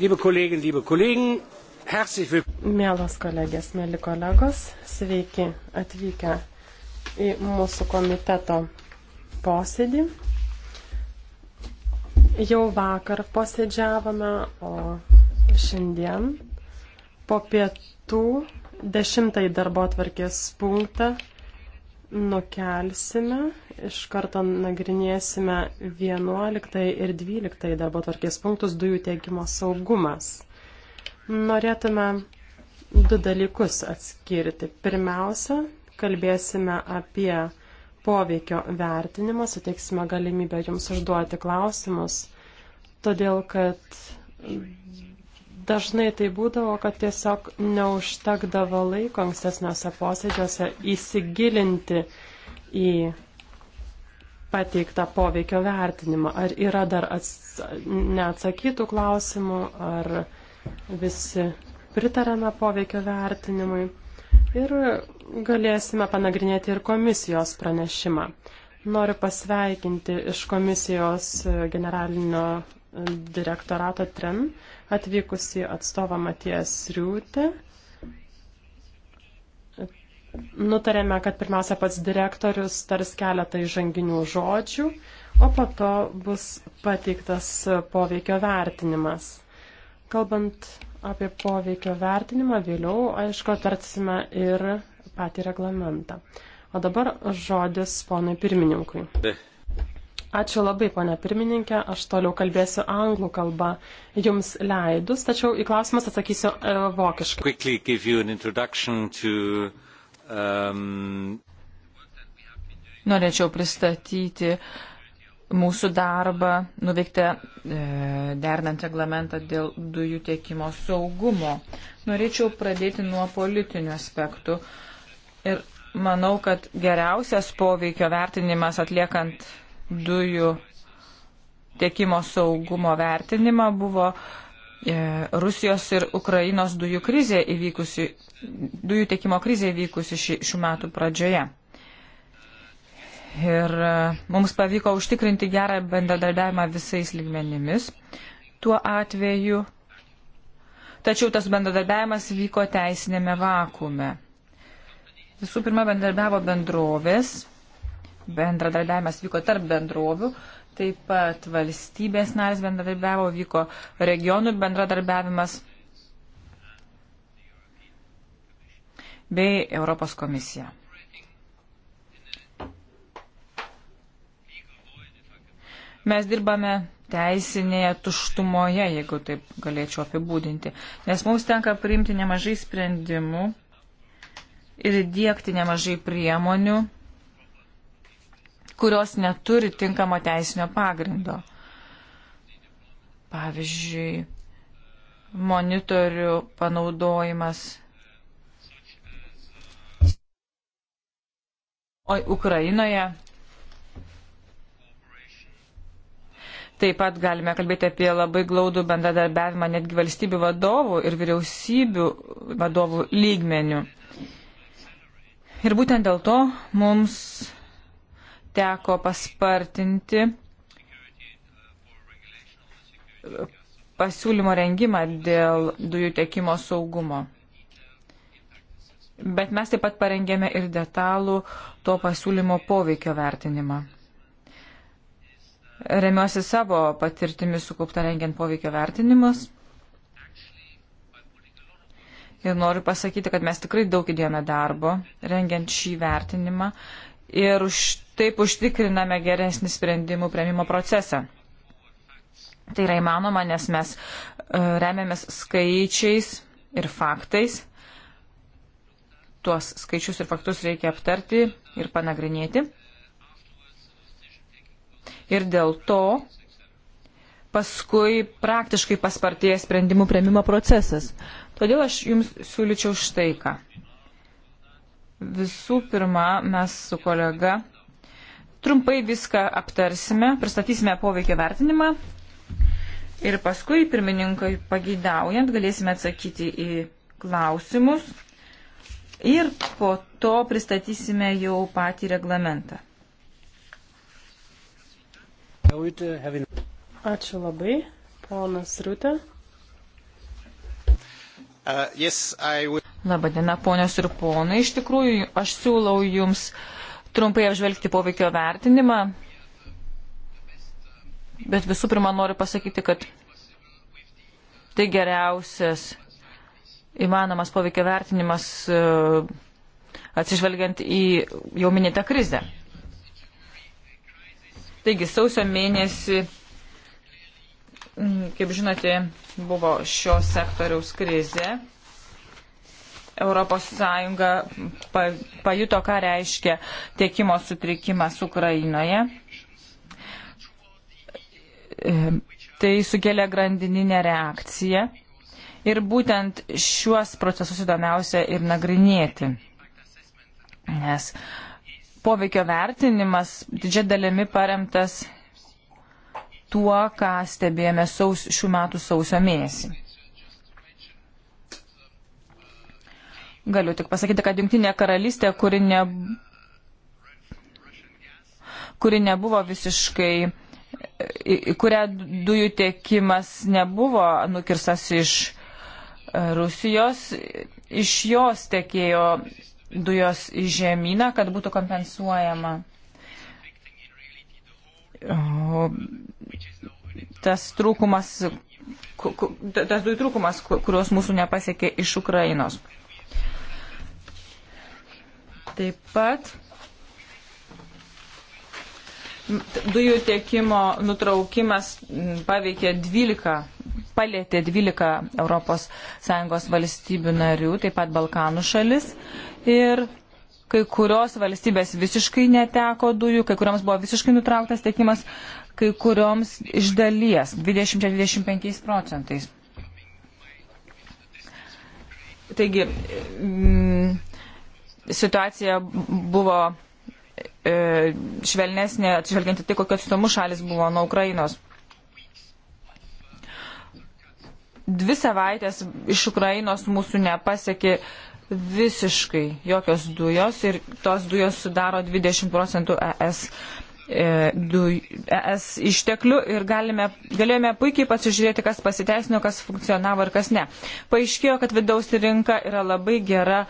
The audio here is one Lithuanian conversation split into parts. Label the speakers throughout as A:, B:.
A: Liebe Kolleginnen, liebe Kollegen, herzlich willkommen.
B: Mielos kolegės, mėly kolegos, sveiki atvykę į mūsų komiteto posėdį. Jau vakar posėdžiavome, o šiandien po pietų dešimtąjį darbo atvarkės punktą nukelsime Iš karto nagrinėsime 11 ir 12 darbo tvarkės punktus dujų tiekimo saugumas. Norėtume du dalykus atskirti. Pirmiausia, kalbėsime apie poveikio vertinimą, suteiksime galimybę jums užduoti klausimus, todėl kad dažnai tai būdavo, kad tiesiog neužtekdavo laiko ankstesniuose posėdžiuose įsigilinti į pateiktą poveikio vertinimą. Ar yra dar ats... neatsakytų klausimų, ar visi pritarame poveikio vertinimui. Ir galėsime panagrinėti ir komisijos pranešimą. Noriu pasveikinti iš komisijos generalinio direktorato TREN atvykusi atstovą Matijas Riūtę nutarėme, kad pirmiausia pats direktorius tars keletą įžanginių žodžių, o po to bus pateiktas poveikio vertinimas. Kalbant apie poveikio vertinimą, vėliau, aišku, tarsime ir patį reglamentą. O dabar žodis ponui pirmininkui. Ačiū labai, ponia pirmininkė, aš toliau kalbėsiu anglų kalbą jums leidus, tačiau į klausimas atsakysiu
A: e, vokiškai. Um...
B: Norėčiau pristatyti
C: mūsų darbą nuveiktą e, dernant reglamentą dėl dujų tiekimo saugumo. Norėčiau pradėti nuo politinių aspektų. Ir manau, kad geriausias poveikio vertinimas atliekant dujų tiekimo saugumo vertinimą buvo uh, E, Rusijos ir Ukrainos dujų, krizė įvykusi, dujų tiekimo krizė įvykusi ši, šių metų pradžioje. Ir e, mums pavyko užtikrinti gerą bendradarbiavimą visais lygmenimis tuo atveju. Tačiau tas bendradarbiavimas vyko teisinėme vakume. Visų pirma, bendradarbiavo bendrovės, bendradarbiavimas vyko tarp bendrovių, Taip pat valstybės narės bendradarbiavo, vyko regionų bendradarbiavimas bei Europos komisija. Mes dirbame teisinėje tuštumoje, jeigu taip galėčiau apibūdinti, nes mums tenka priimti nemažai sprendimų ir dėkti nemažai priemonių kurios neturi tinkamo teisinio pagrindo. Pavyzdžiui, monitorių panaudojimas. O Ukrainoje Taip pat galime kalbėti apie labai glaudų bendradarbiavimą netgi valstybių vadovų ir vyriausybių vadovų lygmenių. Ir būtent dėl to mums teko paspartinti pasiūlymo rengimą dėl dujų tiekimo saugumo. Bet mes taip pat parengėme ir detalų to pasiūlymo poveikio vertinimą. Remiuosi savo patirtimi sukaupta rengiant poveikio vertinimus. Ir noriu pasakyti, kad mes tikrai daug įdėjome darbo rengiant šį vertinimą ir už, taip užtikriname geresnį sprendimų prieimimo procesą. Tai yra įmanoma, nes mes e, remiamės skaičiais ir faktais. Tuos skaičius ir faktus reikia aptarti ir panagrinėti. Ir dėl to paskui praktiškai paspartėja sprendimų prieimimo procesas. Todėl aš jums siūlyčiau štai ką. Visų pirma, mes su kolega trumpai viską aptarsime, pristatysime poveikio vertinimą ir paskui pirmininkai pageidaujant galėsime atsakyti į klausimus ir po to pristatysime jau patį reglamentą. Ačiū labai, ponas Rūtė.
A: Uh, yes, would...
C: Labadiena, ponios ir ponai. Iš tikrųjų, aš siūlau Jums trumpai apžvelgti poveikio vertinimą. Bet visų pirma, noriu pasakyti, kad tai geriausias įmanomas poveikio vertinimas uh, atsižvelgiant į jau minėtą krizę. Taigi, sausio mėnesį Mm, kaip žinote, buvo šio sektoriaus krizė. Europos Sąjunga pajuto, ką reiškia tiekimo sutrikimas Ukrainoje. Ehm, tai sukelia grandininę reakciją ir būtent šiuos procesus įdomiausia ir nagrinėti. Nes poveikio vertinimas didžia dalimi paremtas tuo, ką stebėjome saus, šių metų sausio mėnesį. Galiu tik pasakyti, kad Junktinė karalystė, kuri, ne, kuri nebuvo visiškai, e, kuria dujų tiekimas nebuvo nukirstas iš e, Rusijos, iš jos tekėjo dujos į žemyną, kad būtų kompensuojama tas trūkumas, tas dujų trūkumas, kurios mūsų nepasiekė iš Ukrainos. Taip pat dujų tiekimo nutraukimas paveikė 12, palėtė 12 ES valstybių narių, taip pat Balkanų šalis. Ir kai kurios valstybės visiškai neteko dujų, kai kurioms buvo visiškai nutrauktas tiekimas, kai kurioms iš dalies 20-25 procentais. Taigi, mm, situacija buvo e, švelnesnė, atsižvelgiant į tai, kokiu atstumu šalis buvo nuo Ukrainos. Dvi savaitės iš Ukrainos mūsų nepasiekė uh, visiškai jokios dujos ir tos dujos sudaro 20 procentų ES. E, du, ES išteklių ir galime, galėjome puikiai pasižiūrėti, kas pasiteisino, kas funkcionavo ir kas ne. Paaiškėjo, kad vidaus rinka yra labai gera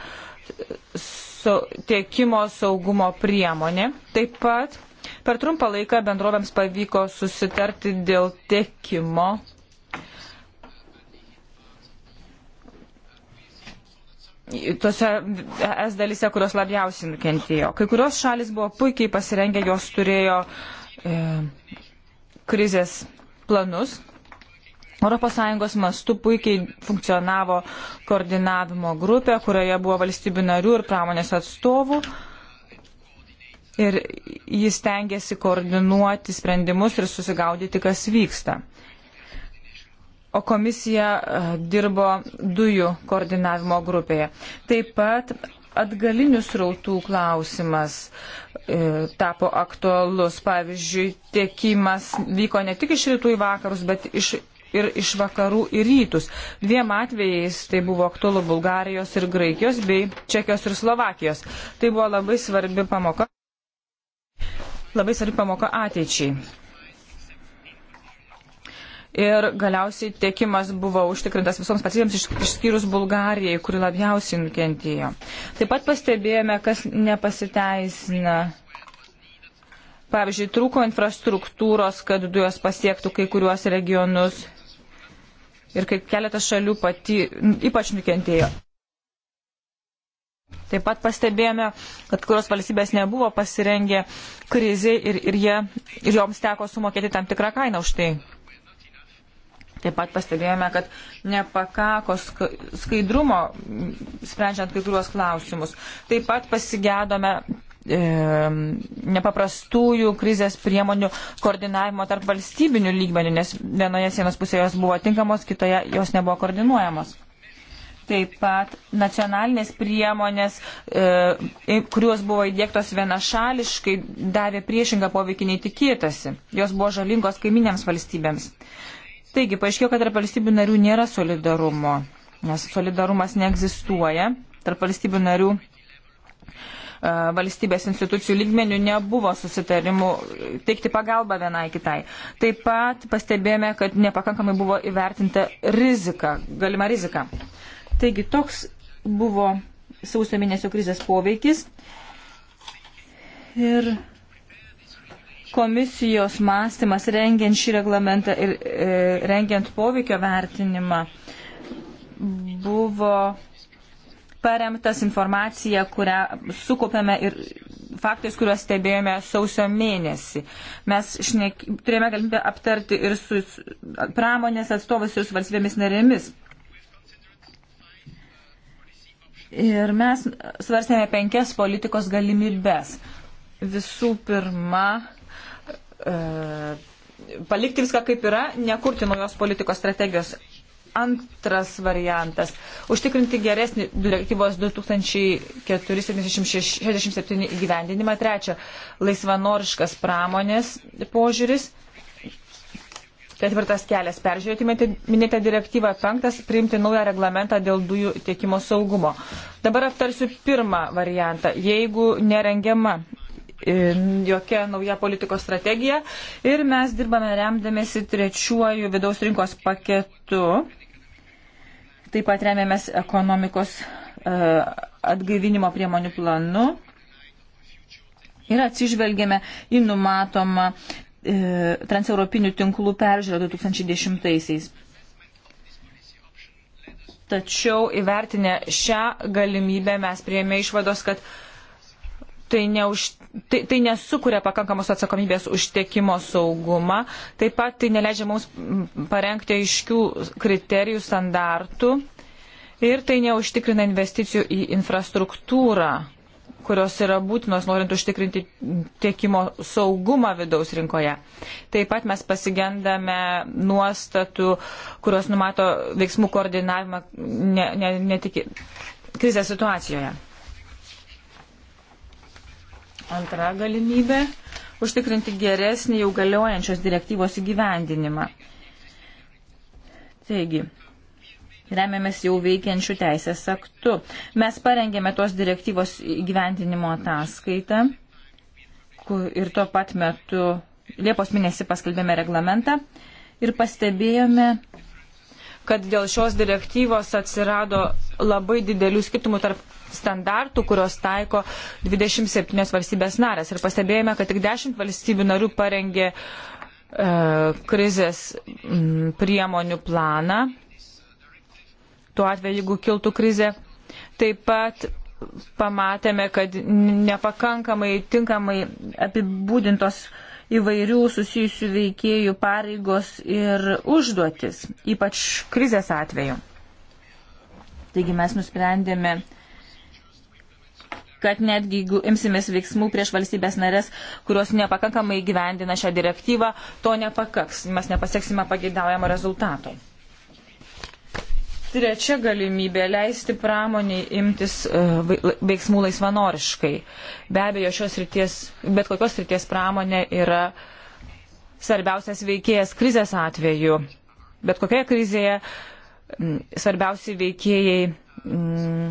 C: so, tiekimo saugumo priemonė. Taip pat per trumpą laiką bendrovėms pavyko susitarti dėl tiekimo tose es dalise, kurios labiausiai nukentėjo. Kai kurios šalis buvo puikiai pasirengę, jos turėjo e, krizės planus. ES mastu puikiai funkcionavo koordinavimo grupė, kurioje buvo valstybių narių ir pramonės atstovų. Ir jis tengiasi koordinuoti sprendimus ir susigaudyti, kas vyksta o komisija e, dirbo dujų koordinavimo grupėje. Taip pat atgalinių srautų klausimas e, tapo aktualus. Pavyzdžiui, tiekimas vyko ne tik iš rytų į vakarus, bet iš, ir iš vakarų į rytus. Dviem atvejais tai buvo aktualu Bulgarijos ir Graikijos bei Čekijos ir Slovakijos. Tai buvo labai svarbi pamoka. Labai svarbi pamoka ateičiai ir galiausiai tiekimas buvo užtikrintas visoms valstybėms išskyrus Bulgarijai, kuri labiausiai nukentėjo. Taip pat pastebėjome, kas nepasiteisina. Pavyzdžiui, trūko infrastruktūros, kad dujos pasiektų kai kuriuos regionus ir kaip keletas šalių pati, ypač nukentėjo. Taip pat pastebėjome, kad kurios valstybės nebuvo pasirengę kriziai ir, ir, jie, ir joms teko sumokėti tam tikrą kainą už tai. Taip pat pastebėjome, kad nepakako skaidrumo sprendžiant kai kuriuos klausimus. Taip pat pasigėdome e, nepaprastųjų krizės priemonių koordinavimo tarp valstybinių lygmenių, nes vienoje sienos pusėje jos buvo tinkamos, kitoje jos nebuvo koordinuojamos. Taip pat nacionalinės priemonės, e, kurios buvo įdėktos vienašališkai, davė priešingą poveikį nei tikėtasi. Jos buvo žalingos kaiminėms valstybėms. E, Taigi, paaiškėjo, kad tarp valstybių narių nėra solidarumo, nes solidarumas neegzistuoja. Tarp valstybių narių e, valstybės institucijų lygmenių nebuvo susitarimų teikti pagalbą vienai kitai. Taip pat pastebėjome, kad nepakankamai buvo įvertinta rizika, galima rizika. Taigi toks buvo sausio mėnesio krizės poveikis. Ir komisijos mąstymas rengiant šį reglamentą ir e, rengiant poveikio vertinimą buvo paremtas informacija, kurią sukupėme ir faktais, kuriuos stebėjome sausio mėnesį. Mes šnek, turėjome galimybę aptarti ir su pramonės atstovus, ir su valstybėmis narėmis. Ir mes svarstėme penkias politikos galimybės. Visų pirma, E, palikti viską kaip yra, nekurti naujos politikos strategijos. Antras variantas - užtikrinti geresnį direktyvos 2467 įgyvendinimą. Trečia - laisvanoriškas pramonės požiūris. Ketvirtas kelias - peržiūrėti minėtą direktyvą. Penktas - priimti naują reglamentą dėl dujų tiekimo saugumo. Dabar aptarsiu pirmą variantą. Jeigu nerengiama E, jokia nauja politikos strategija ir mes dirbame remdamėsi trečiuoju vidaus rinkos paketu. Taip pat remiamės ekonomikos e, atgaivinimo priemonių planu ir atsižvelgėme į numatomą e, transeuropinių tinklų peržiūrą 2010-aisiais. Tačiau įvertinę šią galimybę mes prieėmė išvados, kad tai neužtikrina tai, tai nesukuria pakankamos atsakomybės užtekimo saugumą, taip pat tai neleidžia mums parengti aiškių kriterijų, standartų ir tai neužtikrina investicijų į infrastruktūrą kurios yra būtinos norint užtikrinti tiekimo saugumą vidaus rinkoje. Taip pat mes pasigendame nuostatų, kurios numato veiksmų koordinavimą ne, ne, netiki, krizės situacijoje. Antra galimybė - užtikrinti geresnį jau galiojančios direktyvos įgyvendinimą. Taigi, remiamės jau veikiančių teisės aktu. Mes parengėme tos direktyvos įgyvendinimo ataskaitą ir tuo pat metu Liepos mėnesį paskelbėme reglamentą ir pastebėjome, kad dėl šios direktyvos atsirado labai didelių skirtumų tarp standartų, kurios taiko 27 valstybės narės. Ir pastebėjome, kad tik 10 valstybių narių parengė e, krizės m, priemonių planą. Tuo atveju, jeigu kiltų krizė. Taip pat pamatėme, kad nepakankamai tinkamai apibūdintos įvairių susijusių veikėjų pareigos ir užduotis, ypač krizės atveju. Taigi mes nusprendėme uh, kad netgi jeigu imsimės veiksmų prieš valstybės narės, kurios nepakankamai gyvendina šią direktyvą, to nepakaks, mes nepasieksime pageidaujamo rezultato. Trečia galimybė - leisti pramoniai imtis e, veiksmų laisvanoriškai. Be abejo, šios ryties, bet kokios ryties pramonė yra svarbiausias veikėjas krizės atveju. Bet kokioje krizėje svarbiausi veikėjai. Mm,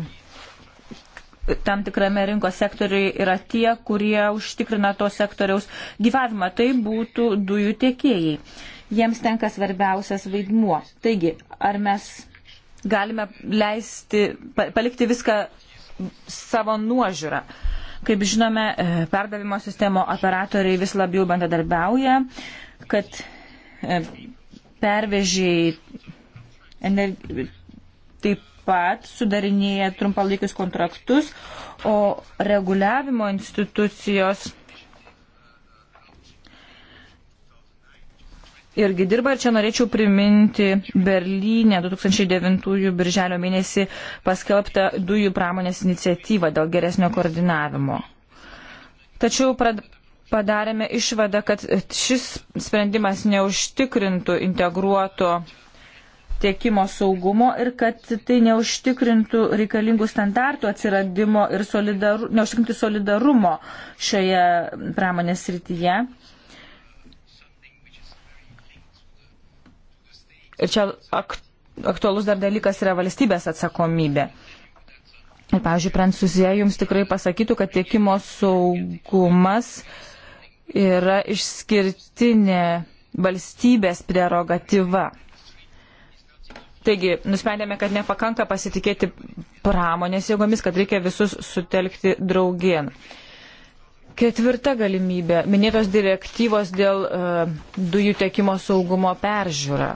C: tam tikrame rinkos sektoriui yra tie, kurie užtikrina to sektoriaus gyvavimą. Tai būtų dujų tiekėjai. Jiems tenka svarbiausias vaidmuo. Taigi, ar mes galime leisti, palikti viską savo nuožiūrą? Kaip žinome, e, perdavimo sistemo operatoriai vis labiau bendradarbiauja, kad e, pervežiai energi... taip pat sudarinėja trumpalaikius kontraktus, o reguliavimo institucijos irgi dirba. Ir čia norėčiau priminti Berlyne 2009 birželio mėnesį paskelbtą dujų pramonės iniciatyvą dėl geresnio koordinavimo. Tačiau prad... padarėme išvadą, kad šis sprendimas neužtikrintų integruoto tiekimo saugumo ir kad tai neužtikrintų reikalingų standartų atsiradimo ir solidaru, neužtikrintų solidarumo šioje pramonės srityje. Ir čia ak, aktualus dar dalykas yra valstybės atsakomybė. Ir, pavyzdžiui, Prancūzija jums tikrai pasakytų, kad tiekimo saugumas yra išskirtinė valstybės prerogatyva. Taigi, nusprendėme, kad nepakanka pasitikėti pramonės jėgomis, kad reikia visus sutelkti draugien. Ketvirta galimybė - minėtos direktyvos dėl uh, dujų tiekimo saugumo peržiūra.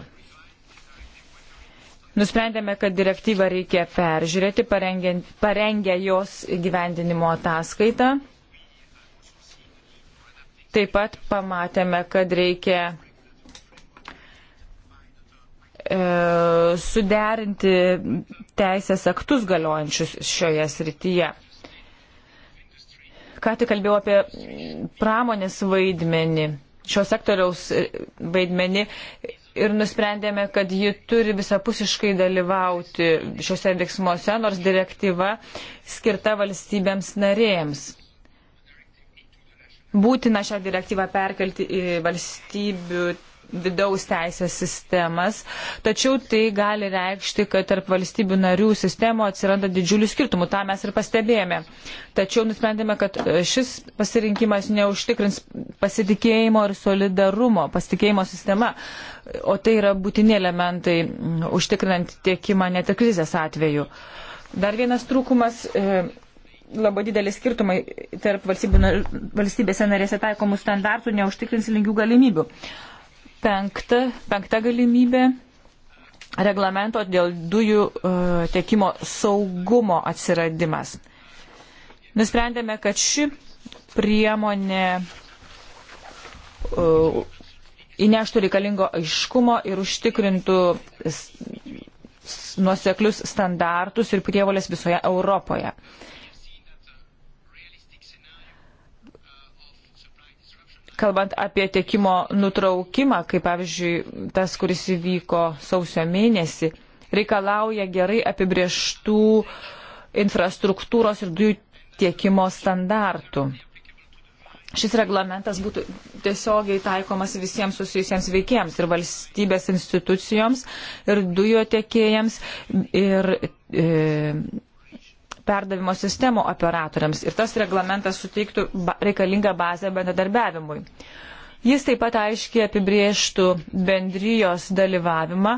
C: Nusprendėme, kad direktyvą reikia peržiūrėti, parengę jos gyvendinimo ataskaitą. Taip pat pamatėme, kad reikia E, suderinti teisės aktus galiojančius šioje srityje. Ką tik kalbėjau apie pramonės vaidmenį, šio sektoriaus vaidmenį ir nusprendėme, kad ji turi visapusiškai dalyvauti šiuose veiksmuose, nors direktyva skirta valstybėms narėjams. Būtina šią direktyvą perkelti į valstybių vidaus teisės sistemas, tačiau tai gali reikšti, kad tarp valstybių narių sistemo atsiranda didžiulių skirtumų, tą mes ir pastebėjome. Tačiau nusprendėme, kad e, šis pasirinkimas neužtikrins pasitikėjimo ir solidarumo, pasitikėjimo sistema, o tai yra būtini elementai užtikrinant tiekimą net ir krizės atveju. Dar vienas trūkumas. E, labai didelis skirtumai tarp valstybėse narėse taikomų standartų neužtikrins lygių galimybių. Penkta, penkta galimybė - reglamento dėl dujų uh, tiekimo saugumo atsiradimas. Nusprendėme, kad ši priemonė uh, įneštų reikalingo aiškumo ir užtikrintų nuoseklius standartus ir prievolės visoje Europoje. Uh, kalbant apie tiekimo nutraukimą, kaip pavyzdžiui tas, kuris įvyko sausio mėnesį, reikalauja gerai apibrieštų infrastruktūros ir dujų tiekimo standartų. Šis reglamentas būtų tiesiogiai taikomas visiems susijusiems veikėjams ir valstybės institucijoms ir dujo tiekėjams ir e, perdavimo sistemų operatoriams ir tas reglamentas suteiktų reikalingą bazę bendradarbiavimui. Jis taip pat aiškiai apibrieštų bendrijos dalyvavimą,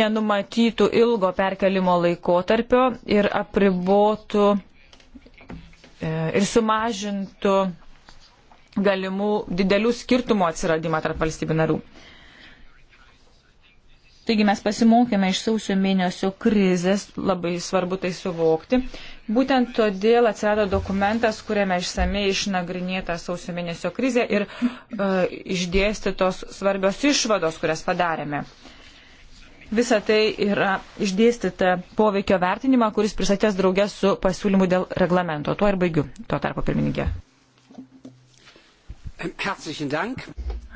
C: nenumatytų ilgo perkelimo laikotarpio ir apribotų e, ir sumažintų galimų didelių skirtumų atsiradimą tarp valstybių narių. Taigi mes pasimokėme iš sausio mėnesio krizės, labai svarbu tai suvokti. Būtent todėl atsirado dokumentas, kuriame išsamei išnagrinėta sausio mėnesio krizė ir e, išdėstytos svarbios išvados, kurias padarėme. Visa tai yra išdėstyta poveikio vertinimą, kuris prisatės draugės su pasiūlymu dėl reglamento. Tuo ir baigiu. Tuo tarpo
B: pirmininkė.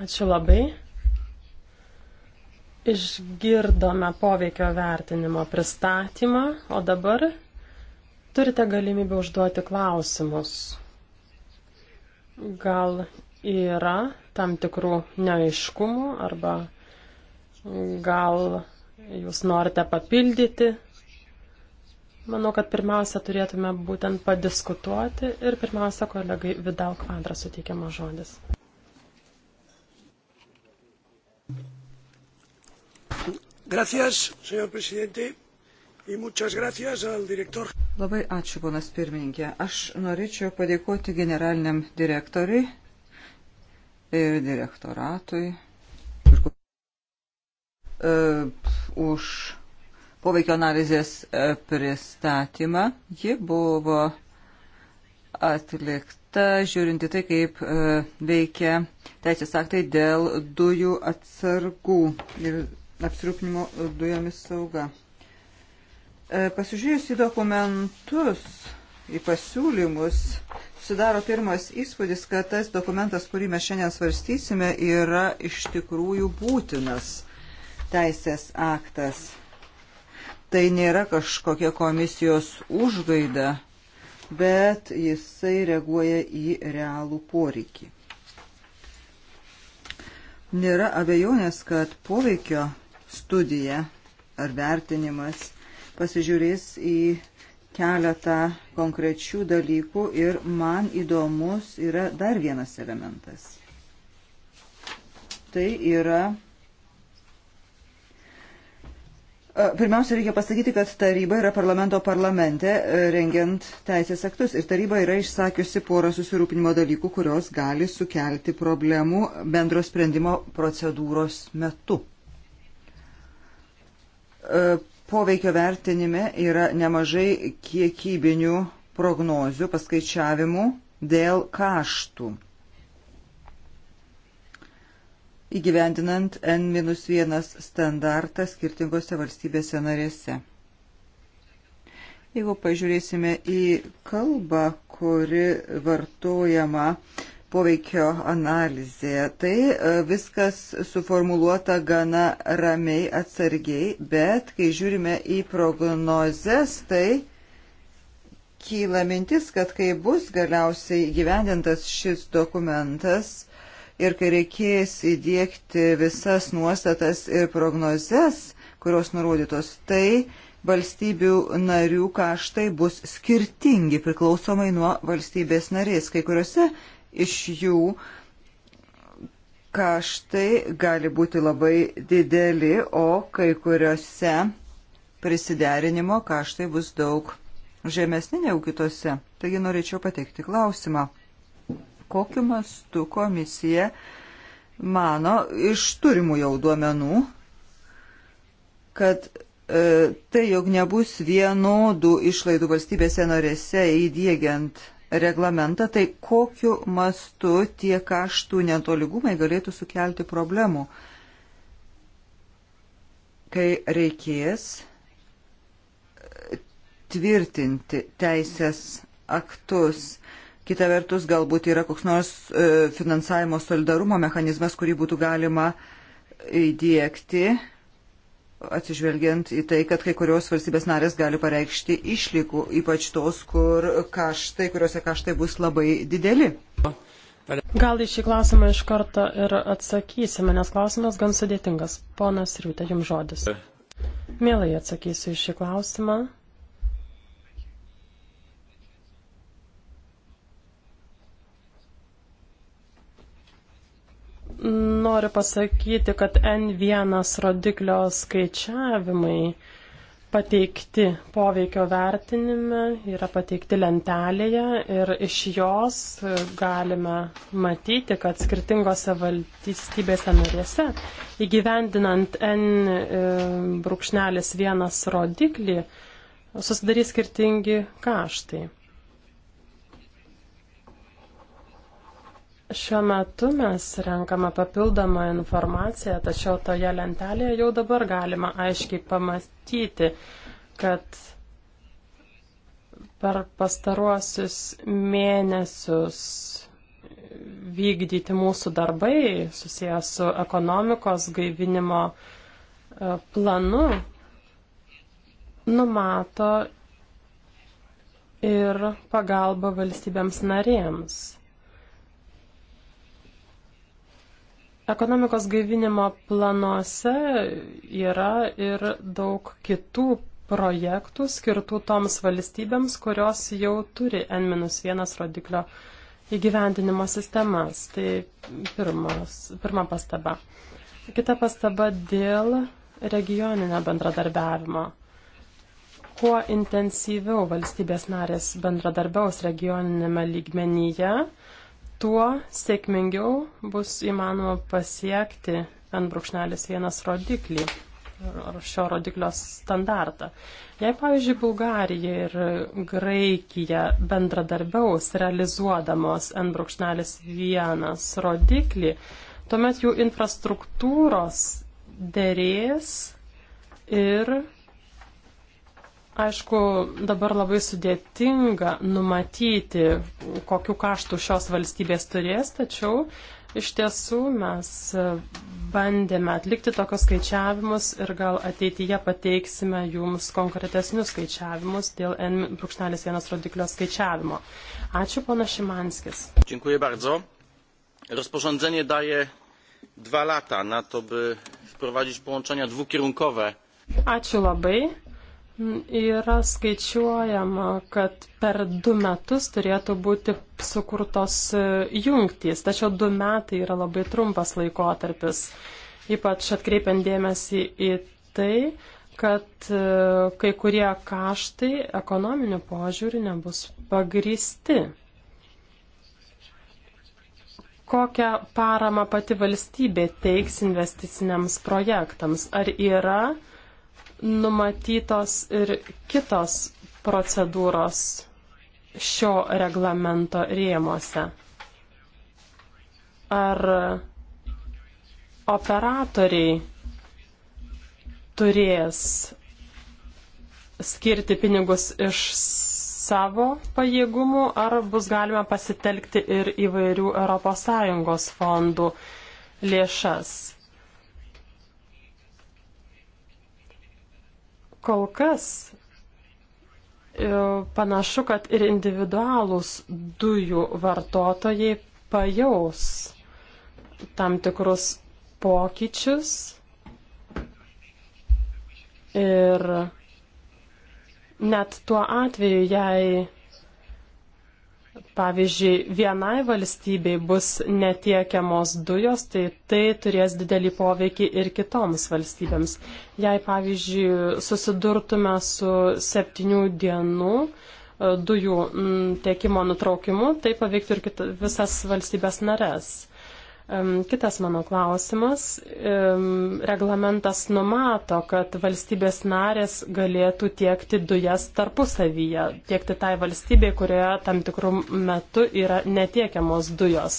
B: Ačiū labai. Išgirdome poveikio vertinimo pristatymą, o dabar turite galimybę užduoti klausimus. Gal yra tam tikrų neaiškumų arba gal jūs norite papildyti Manau, kad pirmiausia turėtume būtent padiskutuoti ir pirmiausia kolegai Vidal Kvadras suteikiamas žodis. Gracias, señor presidente.
D: Labai ačiū, ponas pirmininkė. Aš norėčiau padėkoti generaliniam direktoriui ir direktoratui ir, uh, už poveikio analizės e, pristatymą. Ji buvo atlikta žiūrinti tai, kaip uh, veikia teisės aktai dėl dujų atsargų ir apsirūpinimo dujomis sauga. E, pasižiūrėjus į dokumentus, į pasiūlymus, susidaro pirmas įspūdis, kad tas dokumentas, kurį mes šiandien svarstysime, yra iš tikrųjų būtinas teisės aktas. Tai nėra kažkokia komisijos užgaida, bet jisai reaguoja į realų poreikį. Nėra abejonės, kad poveikio studija ar vertinimas pasižiūrės į keletą konkrečių dalykų ir man įdomus yra dar vienas elementas. Tai yra. E, pirmiausia, reikia pasakyti, kad taryba yra parlamento parlamente e, rengiant teisės aktus ir taryba yra išsakiusi porą susirūpinimo dalykų, kurios gali sukelti problemų bendro sprendimo procedūros metu. E, poveikio vertinime yra nemažai kiekybinių prognozių, paskaičiavimų dėl kaštų. Įgyvendinant N-1 standartą skirtingose valstybėse narėse. Jeigu pažiūrėsime į kalbą, kuri vartojama poveikio analizė. Tai e, viskas suformuluota gana ramiai, atsargiai, bet kai žiūrime į prognozes, tai kyla mintis, kad kai bus galiausiai gyvendintas šis dokumentas ir kai reikės įdėkti visas nuostatas ir prognozes, kurios nurodytos, tai valstybių narių kaštai bus skirtingi priklausomai nuo valstybės narės. Kai kuriuose iš jų kaštai gali būti labai dideli, o kai kuriuose prisiderinimo kaštai bus daug žemesni negu kitose. Taigi norėčiau pateikti klausimą. Kokiu mastu komisija mano iš turimų jau duomenų, kad e, tai jog nebus vienodų išlaidų valstybėse norėse įdėgiant reglamentą, tai kokiu mastu tie kaštų netolygumai galėtų sukelti problemų, kai reikės e, tvirtinti teisės aktus. Kita vertus, galbūt yra koks nors e, finansavimo solidarumo mechanizmas, kurį būtų galima įdėkti atsižvelgiant į tai, kad kai kurios valstybės narės gali pareikšti išlygų, ypač tos, kur kaštai, kuriuose kaštai bus labai
B: dideli. Gal į šį klausimą iš karto ir atsakysime, nes klausimas gan sudėtingas. Ponas Rūtė, jums žodis. Mielai atsakysiu į šį klausimą. Noriu pasakyti, kad N1 rodiklio skaičiavimai pateikti poveikio vertinime, yra pateikti lentelėje ir iš jos galime matyti, kad skirtingose valstybėse narėse įgyvendinant N brūkšnelis vienas rodiklį susidarys skirtingi kaštai. Šiuo metu mes renkame papildomą informaciją, tačiau toje lentelėje jau dabar galima aiškiai pamatyti, kad per pastaruosius mėnesius vykdyti mūsų darbai susijęs su ekonomikos gaivinimo e, planu numato ir pagalba valstybėms narėms. Ekonomikos gaivinimo planuose yra ir daug kitų projektų skirtų toms valstybėms, kurios jau turi N-1 rodiklio įgyvendinimo sistemas. Tai pirmas, pirma pastaba. Kita pastaba dėl regioninio bendradarbiavimo. Kuo intensyviau valstybės narės bendradarbiaus regioninėme lygmenyje, tuo sėkmingiau bus įmanoma pasiekti N1 rodiklį ar šio rodiklio standartą. Jei, pavyzdžiui, Bulgarija ir Graikija bendradarbiaus realizuodamos N1 rodiklį, tuomet jų infrastruktūros dėrės ir Aišku, dabar labai sudėtinga numatyti, kokiu kaštų šios valstybės turės, tačiau iš tiesų mes bandėme atlikti tokius skaičiavimus ir gal ateityje pateiksime jums konkretesnius skaičiavimus dėl N.1 rodiklio skaičiavimo. Ačiū, pana Šimanskis.
A: Dziękuję bardzo. Rozporządzenie daje dwa lata na to, by wprowadzić połączenia dwukierunkowe.
B: Ačiū labai. Yra skaičiuojama, kad per du metus turėtų būti sukurtos jungtys, tačiau du metai yra labai trumpas laikotarpis. Ypač atkreipiant dėmesį į tai, kad e, kai kurie kaštai ekonominių požiūrį nebus pagristi. Kokią paramą pati valstybė teiks investiciniams projektams? Ar yra numatytos ir kitos procedūros šio reglamento rėmose. Ar operatoriai turės skirti pinigus iš savo pajėgumų, ar bus galima pasitelkti ir įvairių ES fondų lėšas. kol kas e, panašu, kad ir individualūs dujų vartotojai pajaus tam tikrus pokyčius ir net tuo atveju, jei pavyzdžiui, vienai valstybei bus netiekiamos dujos, tai tai turės didelį poveikį ir kitoms valstybėms. Jei, pavyzdžiui, susidurtume su septynių dienų e, dujų tiekimo nutraukimu, tai paveiktų ir kita, visas valstybės nares. Kitas mano klausimas. Reglamentas numato, kad valstybės narės galėtų tiekti dujas tarpusavyje, tiekti tai valstybė, kurioje tam tikrų metu yra netiekiamos dujos.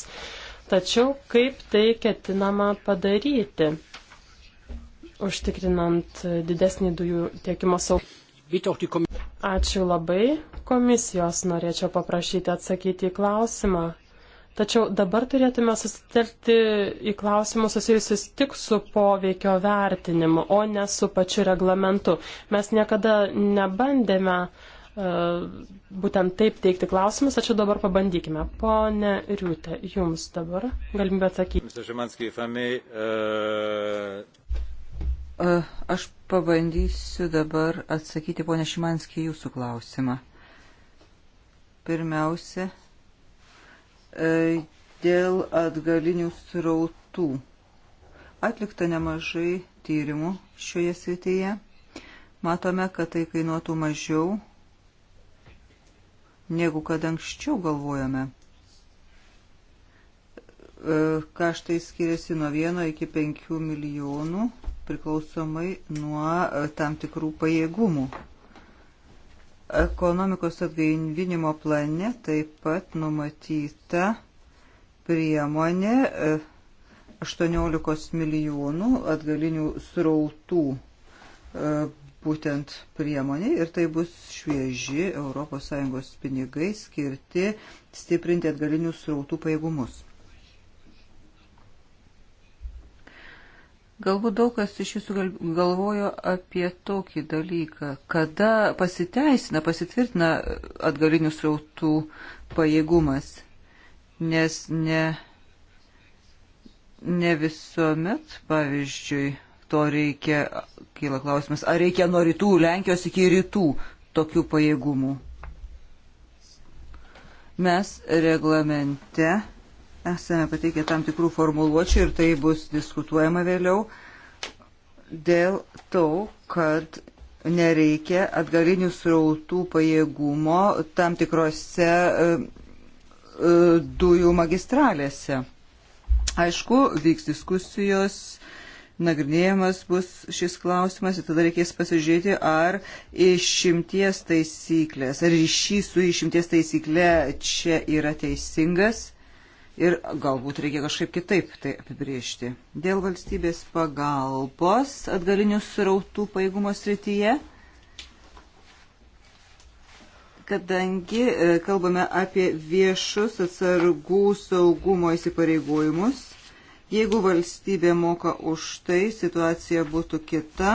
B: Tačiau kaip tai ketinama padaryti, užtikrinant didesnį dujų tiekimo saugumą? Ačiū labai. Komisijos norėčiau paprašyti atsakyti į klausimą, Tačiau dabar turėtume susitelkti į klausimus susijusius tik su poveikio vertinimu, o ne su pačiu reglamentu. Mes niekada nebandėme uh, būtent taip teikti klausimus, tačiau dabar pabandykime. Pone Riūtė, jums dabar
A: galimybė atsakyti. E,
D: e, aš pabandysiu dabar atsakyti, ponė Šimanskį, jūsų klausimą. Pirmiausia, E, dėl atgalinių srautų. Atlikta nemažai tyrimų šioje srityje. Matome, kad tai kainuotų mažiau negu kad anksčiau galvojame. E, kaštai skiriasi nuo 1 iki 5 milijonų priklausomai nuo e, tam tikrų pajėgumų. Ekonomikos atgaivinimo plane taip pat numatyta priemonė 18 e, milijonų atgalinių srautų e, būtent priemonė ir tai bus švieži ES pinigai skirti stiprinti atgalinių srautų pajėgumus. Galbūt daug kas iš jūsų galvojo apie tokį dalyką, kada pasiteisina, pasitvirtina atgalinių srautų pajėgumas, nes ne, ne visuomet, pavyzdžiui, to reikia, kyla klausimas, ar reikia nuo rytų Lenkijos iki rytų tokių pajėgumų. Mes reglamente Esame pateikę tam tikrų formuluočių ir tai bus diskutuojama vėliau dėl to, kad nereikia atgalinių srautų pajėgumo tam tikrose e, e, dujų magistralėse. Aišku, vyks diskusijos, nagrinėjamas bus šis klausimas ir tada reikės pasižiūrėti, ar išimties taisyklės, ar ryšys su išimties taisykle čia yra teisingas ir galbūt reikia kažkaip kitaip tai apibriežti. Dėl valstybės pagalbos atgalinių srautų paėgumo srityje, kadangi e, kalbame apie viešus atsargų saugumo įsipareigojimus, jeigu valstybė moka už tai, situacija būtų kita.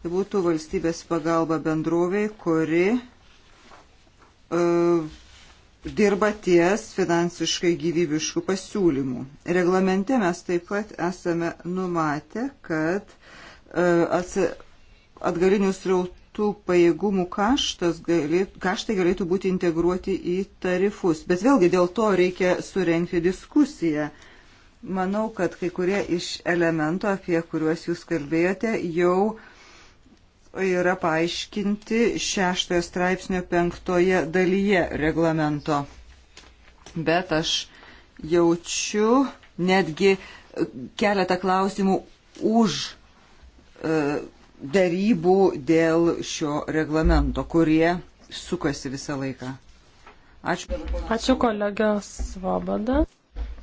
D: Tai būtų valstybės pagalba bendroviai, kuri uh, e, dirba ties finansiškai gyvybiškų pasiūlymų. Reglamente mes taip pat esame numatę, kad e, atgalinių srautų pajėgumų galėtų, kaštai galėtų būti integruoti į tarifus. Bet vėlgi dėl to reikia surenkti diskusiją. Manau, kad kai kurie iš elementų, apie kuriuos jūs kalbėjote, jau uh, yra paaiškinti šeštojo straipsnio penktoje dalyje reglamento. Bet aš jaučiu netgi keletą klausimų už e, darybų dėl šio reglamento, kurie sukasi visą laiką.
B: Ačiū. Ačiū kolegijos Svoboda.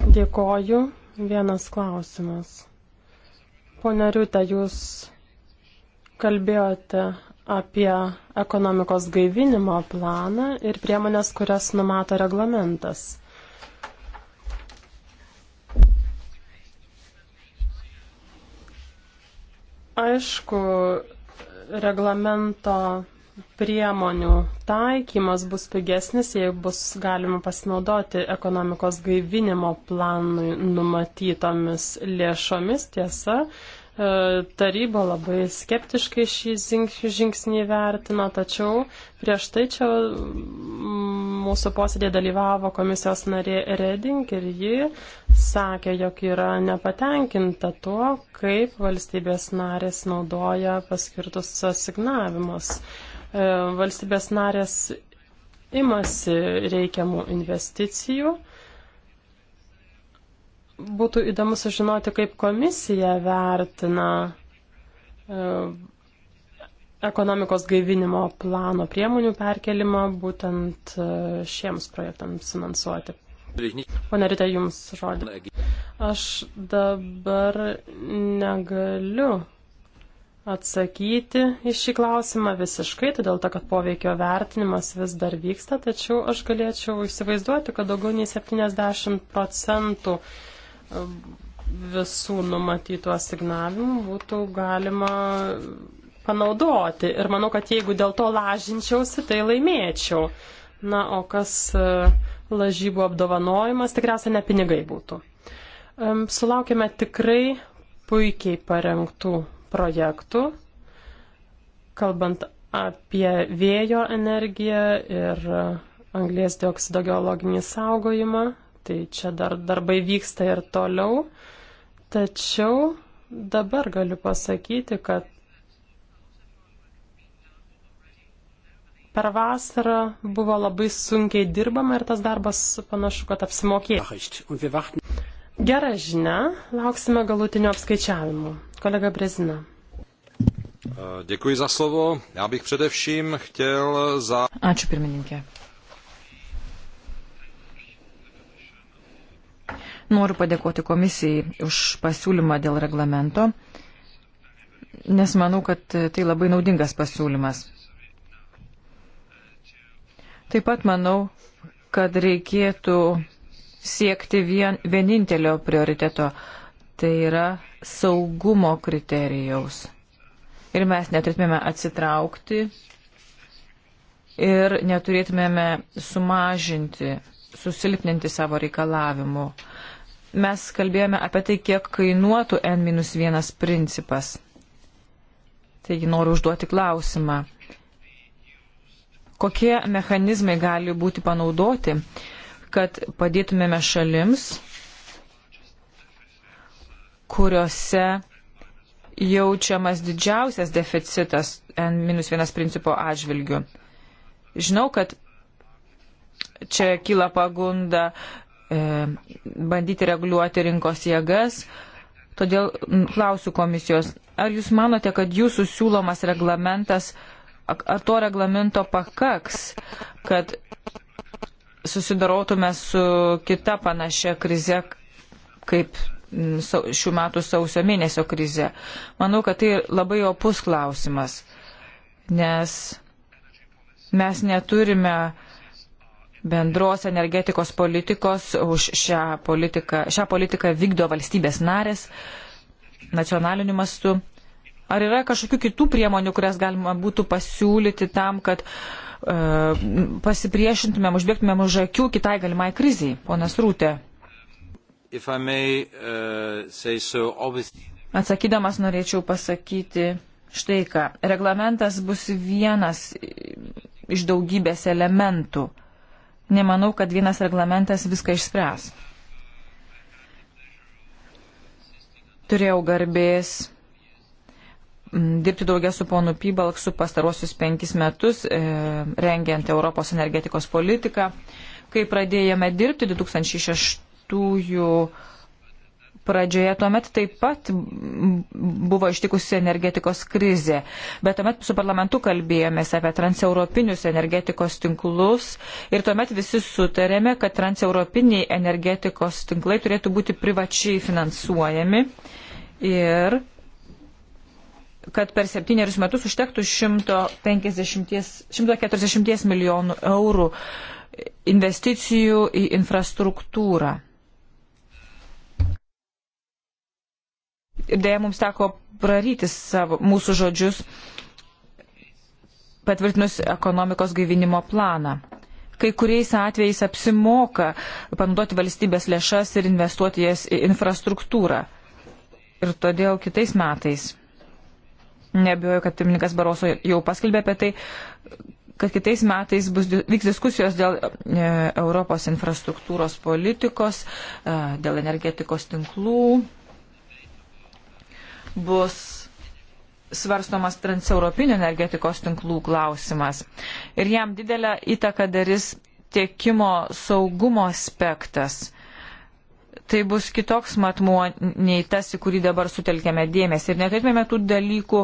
B: Dėkoju. Vienas klausimas. Pone Riute, jūs kalbėjote apie ekonomikos gaivinimo planą ir priemonės, kurias numato reglamentas. Aišku, reglamento priemonių taikymas bus pigesnis, jei bus galima pasinaudoti ekonomikos gaivinimo planui numatytomis lėšomis. Tiesa, E, taryba labai skeptiškai šį žingsnį vertino, tačiau prieš tai čia mm, mūsų posėdėje dalyvavo komisijos narė Reding ir ji sakė, jog yra nepatenkinta tuo, kaip valstybės narės naudoja paskirtus asignavimus. E, valstybės narės imasi reikiamų investicijų būtų įdomu sužinoti, kaip komisija vertina e, ekonomikos gaivinimo plano priemonių perkelimą būtent e, šiems projektams finansuoti. Pone Rita, jums žodį. Aš dabar negaliu atsakyti į šį klausimą visiškai, todėl to, kad poveikio vertinimas vis dar vyksta, tačiau aš galėčiau įsivaizduoti, kad daugiau nei 70 procentų uh, visų numatytų asignavimų būtų galima panaudoti. Ir manau, kad jeigu dėl to lažinčiausi, tai laimėčiau. Na, o kas e, lažybų apdovanojimas, tikriausiai ne pinigai būtų. Sulaukime tikrai puikiai parengtų projektų, kalbant apie vėjo energiją ir e, anglės dioksido geologinį saugojimą tai čia dar darbai vyksta ir toliau. Tačiau dabar galiu pasakyti, kad per vasarą buvo labai sunkiai dirbama ir tas darbas panašu, kad apsimokėjo. Gera žinia, lauksime galutinio apskaičiavimo. Kolega Brezina.
A: Děkuji za slovo. Já bych především chtěl za...
B: Ačiū pirmininkė.
C: Noriu padėkoti komisijai už pasiūlymą dėl reglamento, nes manau, kad tai labai naudingas pasiūlymas. Taip pat manau, kad reikėtų siekti vien, vienintelio prioriteto, tai yra saugumo kriterijaus. Ir mes neturėtume atsitraukti ir neturėtumėme sumažinti, susilpninti savo reikalavimų mes kalbėjome apie tai, kiek kainuotų N-1 principas. Taigi noriu užduoti klausimą. Kokie mechanizmai gali būti panaudoti, kad padėtumėme šalims, kuriuose jaučiamas didžiausias deficitas N-1 principo atžvilgiu. Žinau, kad čia kyla pagunda E, bandyti reguliuoti rinkos jėgas. Todėl klausiu komisijos, ar jūs manote, kad jūsų siūlomas reglamentas, ar to reglamento pakaks, kad susidarotume su kita panašia krize kaip šių metų sausio mėnesio krize. Manau, kad tai labai opus klausimas, nes mes neturime uh, bendros energetikos politikos, už šią politiką, šią politiką vykdo valstybės narės nacionaliniu mastu. Ar yra kažkokių kitų priemonių, kurias galima būtų pasiūlyti tam, kad uh, pasipriešintumėm, užbėgtumėm už akių kitai galimai kriziai, ponas Rūtė?
A: May, uh, so, obviously...
C: Atsakydamas norėčiau pasakyti štai ką. Reglamentas bus vienas iš daugybės elementų nemanau, kad vienas reglamentas viską išspręs. Turėjau garbės mm, dirbti draugę su ponu Pybalksu pastaruosius penkis metus, e, rengiant Europos energetikos politiką. Kai pradėjome dirbti 2006 pradžioje tuomet taip pat buvo ištikusi energetikos krizė, bet tuomet su parlamentu kalbėjomės apie transeuropinius energetikos tinklus ir tuomet visi sutarėme, kad transeuropiniai energetikos tinklai turėtų būti privačiai finansuojami ir kad per septynerius metus užtektų 150, 140 milijonų eurų investicijų į infrastruktūrą. ir dėja mums teko praryti savo, mūsų žodžius, patvirtinus ekonomikos gaivinimo planą. Kai kuriais atvejais apsimoka panaudoti valstybės lėšas ir investuoti jas į infrastruktūrą. Ir todėl kitais metais, nebijoju, kad pirmininkas Baroso jau paskelbė apie tai, kad kitais metais bus, vyks diskusijos dėl e, Europos infrastruktūros politikos, e, dėl energetikos tinklų, bus svarstomas transeuropinių energetikos tinklų klausimas. Ir jam didelę įtaką darys tiekimo saugumo aspektas. Tai bus kitoks matmuo nei tas, į kurį dabar sutelkėme dėmesį. Ir neturėtume tų dalykų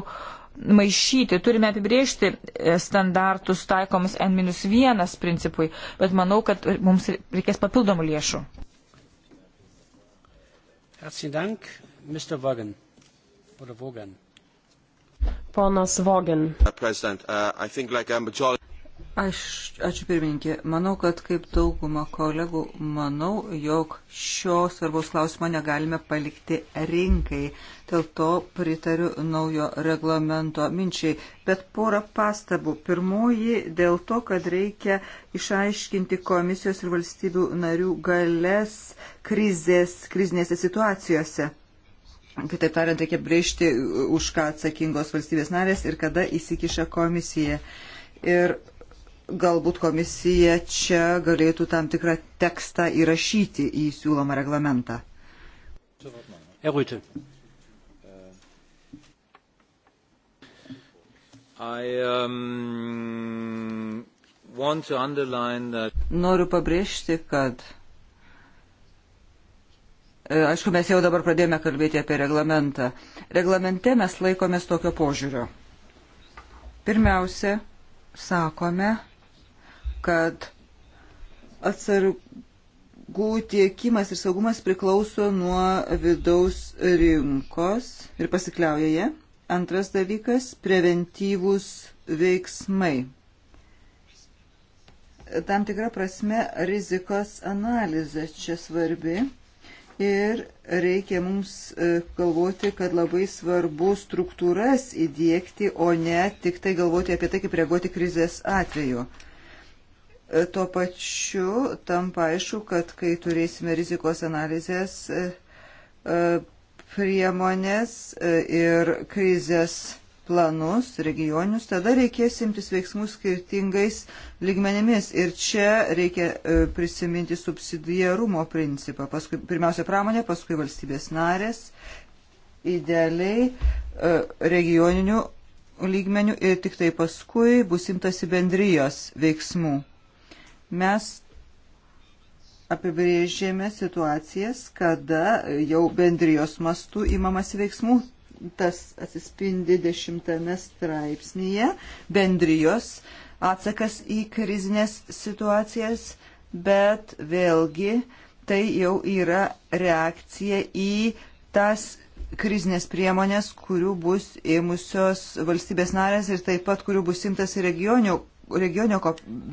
C: maišyti, turime apibriežti e, standartus taikomus N-1 principui, bet manau, kad mums reikės papildomų
B: lėšų.
A: Herzlichen Dank, Mr. Wagen.
B: Ponas Vogen.
A: Uh,
D: Aš, ačiū pirmininkė, manau, kad kaip dauguma kolegų, manau, jog šio svarbaus klausimo negalime palikti rinkai. Dėl to pritariu naujo reglamento minčiai. Bet porą pastabų. Pirmoji dėl to, kad reikia išaiškinti komisijos ir valstybių narių galės krizės, krizinėse situacijose. Kitaip tariant, reikia brėžti, už ką atsakingos valstybės narės ir kada įsikiša komisija. Ir galbūt komisija čia galėtų tam tikrą tekstą įrašyti į siūlomą reglamentą.
A: Um,
D: Noriu pabrėžti, kad E, aišku, mes jau dabar pradėjome kalbėti apie reglamentą. Reglamente mes laikomės tokio požiūrio. Pirmiausia, sakome, kad atsargų tiekimas ir saugumas priklauso nuo vidaus rinkos ir pasikliauja ją. Antras dalykas - preventyvūs veiksmai. Tam tikra prasme rizikos analizė čia svarbi Ir reikia mums e, galvoti, kad labai svarbu struktūras įdėkti, o ne tik tai galvoti apie tai, kaip reaguoti krizės atveju. E, tuo pačiu tampa aišku, kad kai turėsime rizikos analizės e, priemonės ir krizės planus regioninius, tada reikės imtis veiksmų skirtingais lygmenėmis. Ir čia reikia e, prisiminti subsidijarumo principą. Paskui, pirmiausia pramonė, paskui valstybės narės, idealiai e, regioninių lygmenių ir tik tai paskui bus imtasi bendrijos veiksmų. Mes apibrėžėme situacijas, kada jau bendrijos mastų įmamas veiksmų tas atsispindi dešimtame straipsnėje bendrijos atsakas į krizinės situacijas, bet vėlgi tai jau yra reakcija į tas krizinės priemonės, kurių bus ėmusios valstybės narės ir taip pat kurių bus imtas regionio, regionio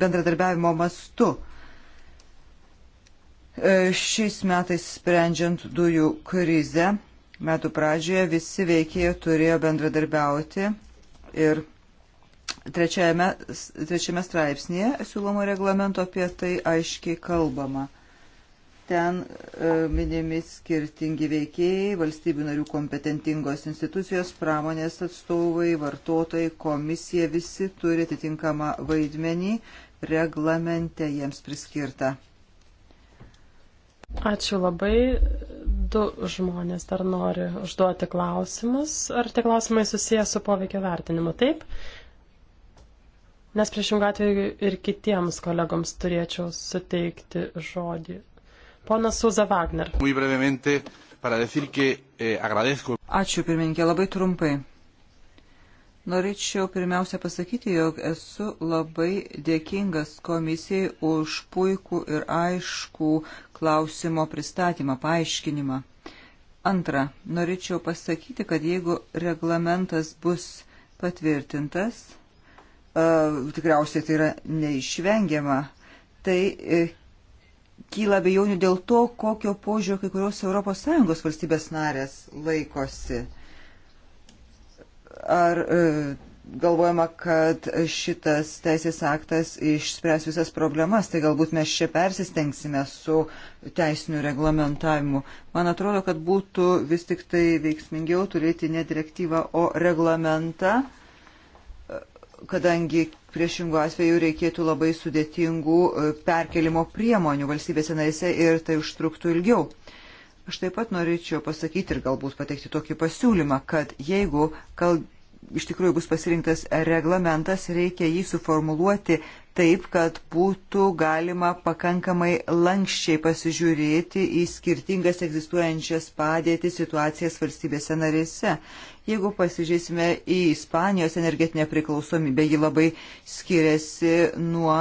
D: bendradarbiavimo mastu. E, šiais metais sprendžiant dujų krizę metų pradžioje visi veikėjai turėjo bendradarbiauti ir trečiame, trečiame straipsnėje siūlomo reglamento apie tai aiškiai kalbama. Ten e, minimi skirtingi veikėjai, valstybių narių kompetentingos institucijos, pramonės atstovai, vartotojai, komisija, visi turi atitinkamą vaidmenį reglamente jiems priskirtą.
B: Ačiū labai. Du žmonės dar nori užduoti klausimus. Ar tie klausimai susijęs su poveikio vertinimu? Taip. Nes priešingų atveju ir kitiems kolegoms turėčiau suteikti žodį. Ponas Suza Wagner.
A: Eh, Ačiū
D: pirmininkė, labai trumpai. Norėčiau pirmiausia pasakyti, jog esu labai dėkingas komisijai už puikų ir aiškų klausimo pristatymą, paaiškinimą. Antra, norėčiau pasakyti, kad jeigu reglamentas bus patvirtintas, e, tikriausiai tai yra neišvengiama, tai e, kyla bejonių dėl to, kokio požiūrio kai kurios ES valstybės narės laikosi. E, ar e, galvojama, kad šitas teisės aktas išspręs visas problemas, tai galbūt mes čia persistengsime su teisiniu reglamentavimu. Man atrodo, kad būtų vis tik tai veiksmingiau turėti ne direktyvą, o reglamentą, e, kadangi priešingų atveju reikėtų labai sudėtingų e, perkelimo priemonių valstybėse narėse ir tai užtruktų ilgiau. Aš taip pat norėčiau pasakyti ir galbūt pateikti tokį pasiūlymą, kad jeigu kal... iš tikrųjų bus pasirinktas reglamentas, reikia jį suformuluoti taip, kad būtų galima pakankamai lankščiai pasižiūrėti į skirtingas egzistuojančias padėtis situacijas valstybėse narėse. Jeigu pasižiūrėsime į Ispanijos energetinę priklausomybę, ji labai skiriasi nuo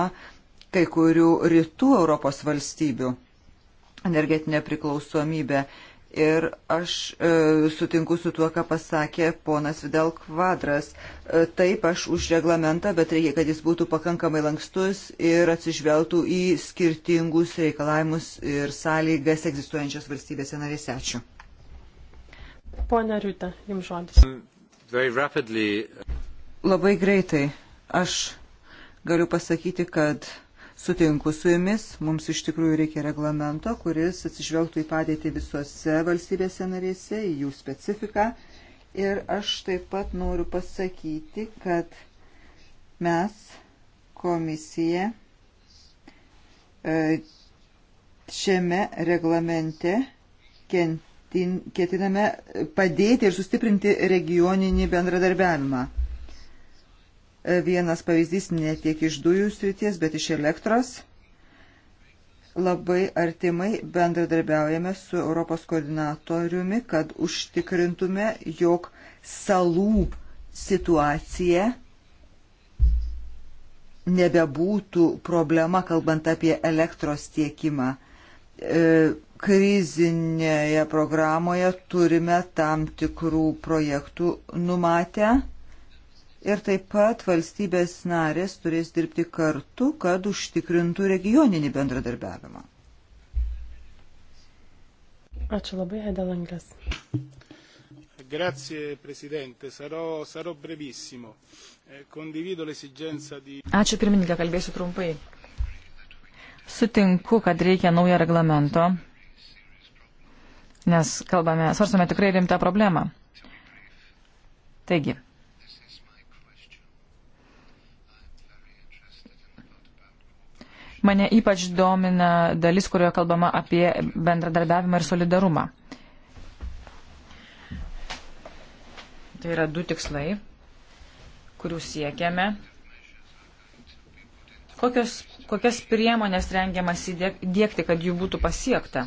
D: kai kurių rytų Europos valstybių energetinę priklausomybę. Ir aš e, sutinku su tuo, ką pasakė ponas Vidal Kvadras. E, taip, aš už reglamentą, bet reikia, kad jis būtų pakankamai lankstus ir atsižvelgtų į skirtingus reikalavimus ir sąlygas egzistuojančias valstybėse narėse. Ačiū.
B: Pone Riutė,
D: jums žodis. Mm,
A: uh,
D: Labai greitai aš galiu pasakyti, kad Sutinku su jumis, mums iš tikrųjų reikia reglamento, kuris atsižvelgtų į padėtį visose valstybėse narėse, į jų specifiką. Ir aš taip pat noriu pasakyti, kad mes, komisija, e, šiame reglamente ketiname padėti ir sustiprinti regioninį bendradarbiavimą. Vienas pavyzdys ne tiek iš dujų srities, bet iš elektros. Labai artimai bendradarbiaujame su Europos koordinatoriumi, kad užtikrintume, jog salų situacija nebebūtų problema, kalbant apie elektros tiekimą. E, krizinėje programoje turime tam tikrų projektų numatę ir taip pat valstybės narės turės dirbti kartu, kad užtikrintų regioninį bendradarbiavimą.
B: Ačiū labai, Edelangas.
A: Grazie Presidente, sarò, sarò brevissimo. Eh, condivido l'esigenza di.
C: Ačiū pirmininkė, kalbėsiu trumpai. Sutinku, kad reikia naujo reglamento, nes kalbame, svarstame tikrai rimtą problemą. Taigi, Mane ypač domina dalis, kurioje kalbama apie bendradarbiavimą ir solidarumą. Tai yra du tikslai, kurių siekiame. Kokios, kokias priemonės rengiamas įdėkti, kad jų būtų pasiekta?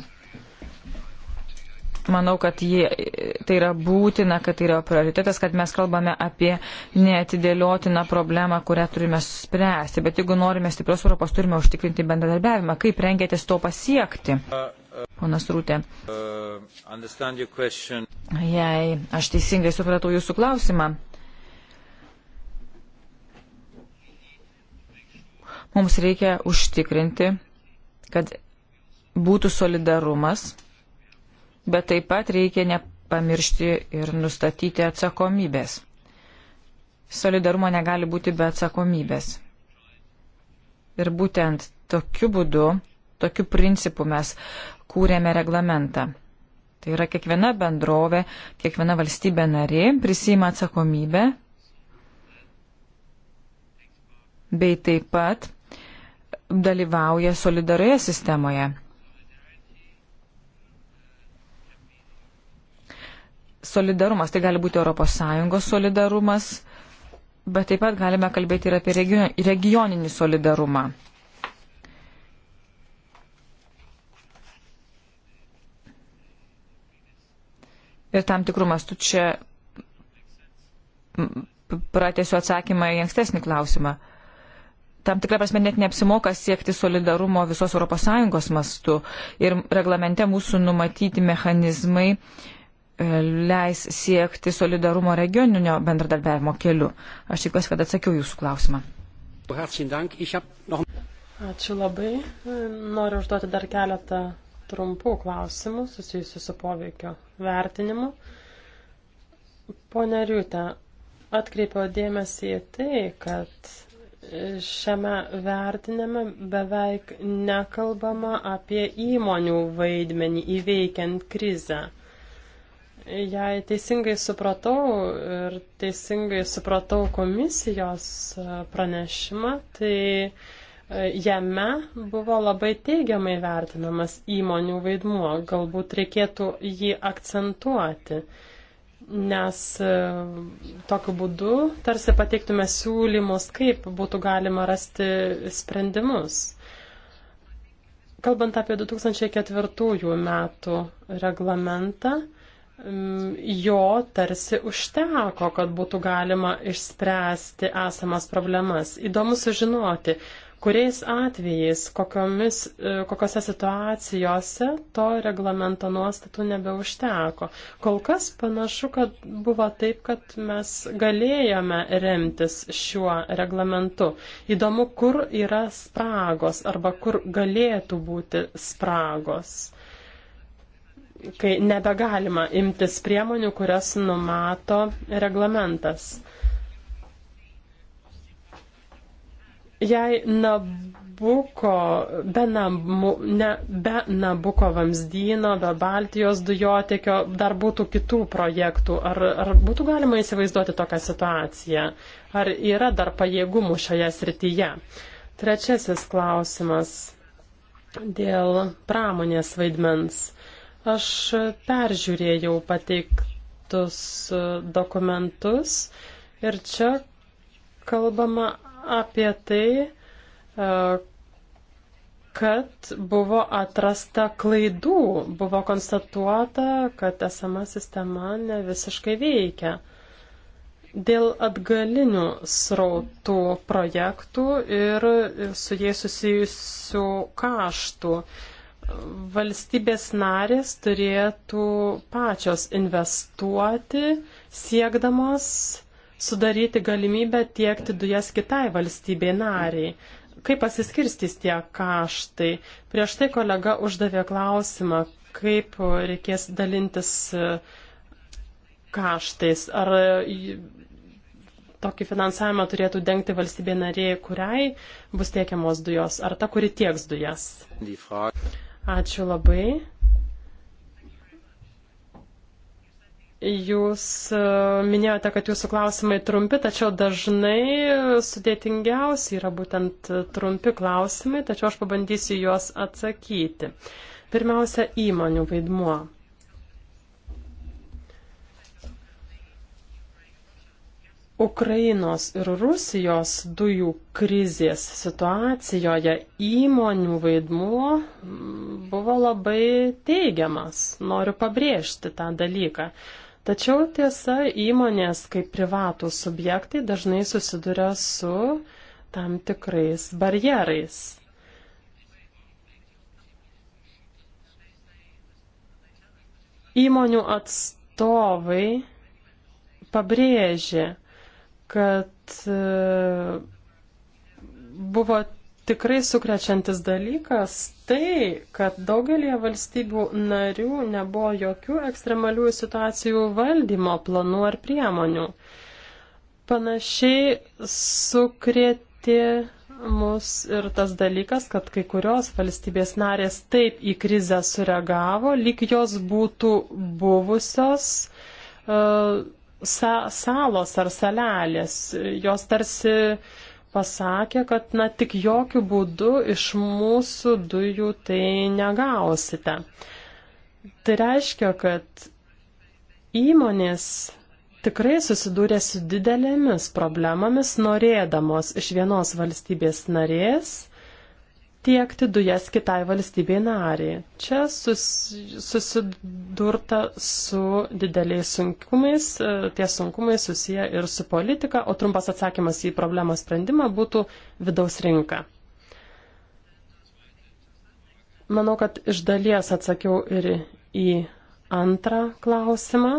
C: Manau, kad jie, tai yra būtina, kad tai yra prioritetas, kad mes kalbame apie neatidėliotiną problemą, kurią turime spręsti. Bet jeigu norime stiprios Europos, turime užtikrinti bendradarbiavimą. Kaip rengėtės to pasiekti? Ponas Rūtė. Jei aš teisingai supratau jūsų klausimą. Mums reikia užtikrinti, kad būtų solidarumas bet taip pat reikia nepamiršti ir nustatyti atsakomybės. Solidarumo negali būti be atsakomybės. Ir būtent tokiu būdu, tokiu principu mes kūrėme reglamentą. Tai yra kiekviena bendrovė, kiekviena valstybė narė prisima atsakomybę bei taip pat dalyvauja solidarioje sistemoje. solidarumas. Tai gali būti ES solidarumas, bet taip pat galime kalbėti ir apie regioninį solidarumą. Ir tam tikrų mastų čia pratėsiu atsakymą į ankstesnį klausimą. Tam tikrą prasme net neapsimoka siekti solidarumo visos ES mastu ir reglamente mūsų numatyti mechanizmai uh, E, leis siekti solidarumo regioninio bendradarbiavimo keliu. Aš tikiuosi, kad atsakiau jūsų klausimą.
B: Ačiū labai. Noriu užduoti dar keletą trumpų klausimų susijusių su poveikio vertinimu. Pone Riutė, atkreipiau dėmesį į tai, kad šiame vertinime beveik nekalbama apie įmonių vaidmenį įveikiant krizę. Jei teisingai supratau ir teisingai supratau komisijos e, pranešimą, tai e, jame buvo labai teigiamai vertinamas įmonių vaidmuo. Galbūt reikėtų jį akcentuoti, nes e, tokiu būdu tarsi pateiktume siūlymus, kaip būtų galima rasti sprendimus. Kalbant apie 2004 metų reglamentą, Mm, jo tarsi užteko, kad būtų galima išspręsti esamas problemas. Įdomu sužinoti, kuriais atvejais, kokiomis, e, kokiose situacijose to reglamento nuostatų nebeužteko. Kol kas panašu, kad buvo taip, kad mes galėjome remtis šiuo reglamentu. Įdomu, kur yra spragos arba kur galėtų būti spragos kai nebegalima imtis priemonių, kurias numato reglamentas. Jei Nabuko, be, namu, ne, be Nabuko vamzdyno, be Baltijos dujotekio dar būtų kitų projektų, ar, ar būtų galima įsivaizduoti tokią situaciją? Ar yra dar pajėgumų šioje srityje? Trečiasis klausimas dėl pramonės vaidmens. Aš peržiūrėjau pateiktus dokumentus ir čia kalbama apie tai, e, kad buvo atrasta klaidų, buvo konstatuota, kad esama sistema ne visiškai veikia. Dėl atgalinių srautų projektų ir su jais susijusių kaštų. Uh, valstybės narės turėtų pačios investuoti, siekdamos sudaryti galimybę tiekti dujas kitai valstybei nariai. Kaip pasiskirstys tie kaštai? Prieš tai kolega uždavė klausimą, kaip reikės dalintis e, kaštais. Ar e, tokį finansavimą turėtų dengti valstybė narė, kuriai bus tiekiamos dujos, ar ta, kuri tieks dujas? Ačiū labai. Jūs e, minėjote, kad jūsų klausimai trumpi, tačiau dažnai sudėtingiausi yra būtent trumpi klausimai, tačiau aš pabandysiu juos atsakyti. Pirmiausia, įmonių vaidmuo. Ukrainos ir Rusijos dujų krizės situacijoje įmonių vaidmuo mm, buvo labai teigiamas, noriu pabrėžti tą dalyką. Tačiau tiesa, įmonės kaip privatų subjektai dažnai susiduria su tam tikrais barjerais. Įmonių atstovai pabrėžė, kad e, buvo tikrai sukrečiantis dalykas tai, kad daugelie valstybių narių nebuvo jokių ekstremalių situacijų valdymo planų ar priemonių. Panašiai sukrėtė mus ir tas dalykas, kad kai kurios valstybės narės taip į krizę sureagavo, lyg jos būtų buvusios. Uh, sa salos ar salelės. Jos tarsi pasakė, kad na tik jokių būdų iš mūsų dujų tai negausite. Tai reiškia, kad įmonės tikrai susidūrė su didelėmis problemomis, norėdamos iš vienos valstybės narės tiekti dujas kitai valstybei nariai. Čia sus, susidurta su dideliais sunkumais, e, tie sunkumai susiję ir su politika, o trumpas atsakymas į problemos sprendimą būtų vidaus rinka. Manau, kad iš dalies atsakiau ir į antrą klausimą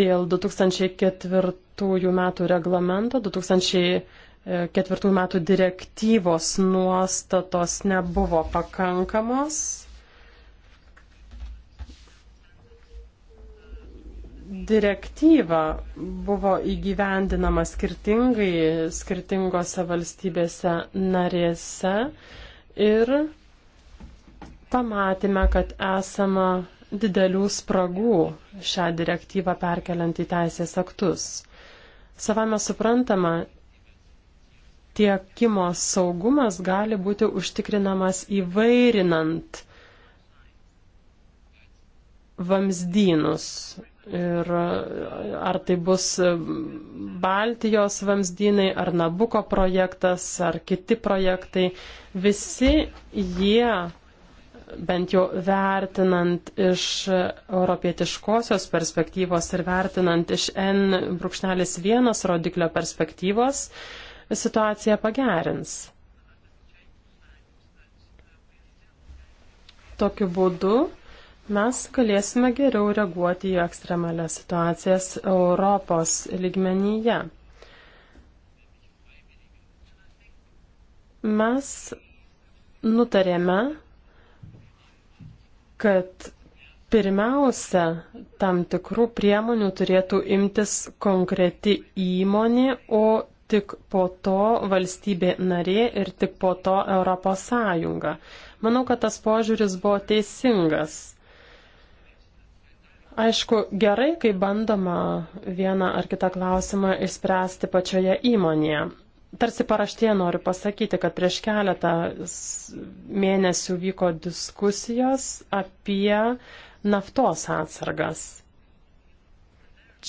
B: dėl 2004 metų reglamento. 2000 E, ketvirtų metų direktyvos nuostatos nebuvo pakankamos. Direktyva buvo įgyvendinama skirtingai skirtingose valstybėse narėse ir pamatėme, kad esama didelių spragų šią direktyvą perkeliant į teisės aktus. Savame suprantama, tiekimo saugumas gali būti užtikrinamas įvairinant vamzdynus. Ir ar tai bus Baltijos vamzdynai, ar Nabuko projektas, ar kiti projektai, visi jie, bent jau vertinant iš europietiškosios perspektyvos ir vertinant iš N1 rodiklio perspektyvos, situaciją pagerins. Tokiu būdu mes galėsime geriau reaguoti į ekstremalias situacijas Europos lygmenyje. Mes nutarėme, kad pirmiausia, tam tikrų priemonių turėtų imtis konkreti įmonė, o tik po to valstybė narė ir tik po to Europos Sąjunga. Manau, kad tas požiūris buvo teisingas. Aišku, gerai, kai bandoma vieną ar kitą klausimą išspręsti pačioje įmonėje. Tarsi paraštėje noriu pasakyti, kad prieš keletą mėnesių vyko diskusijos apie naftos atsargas.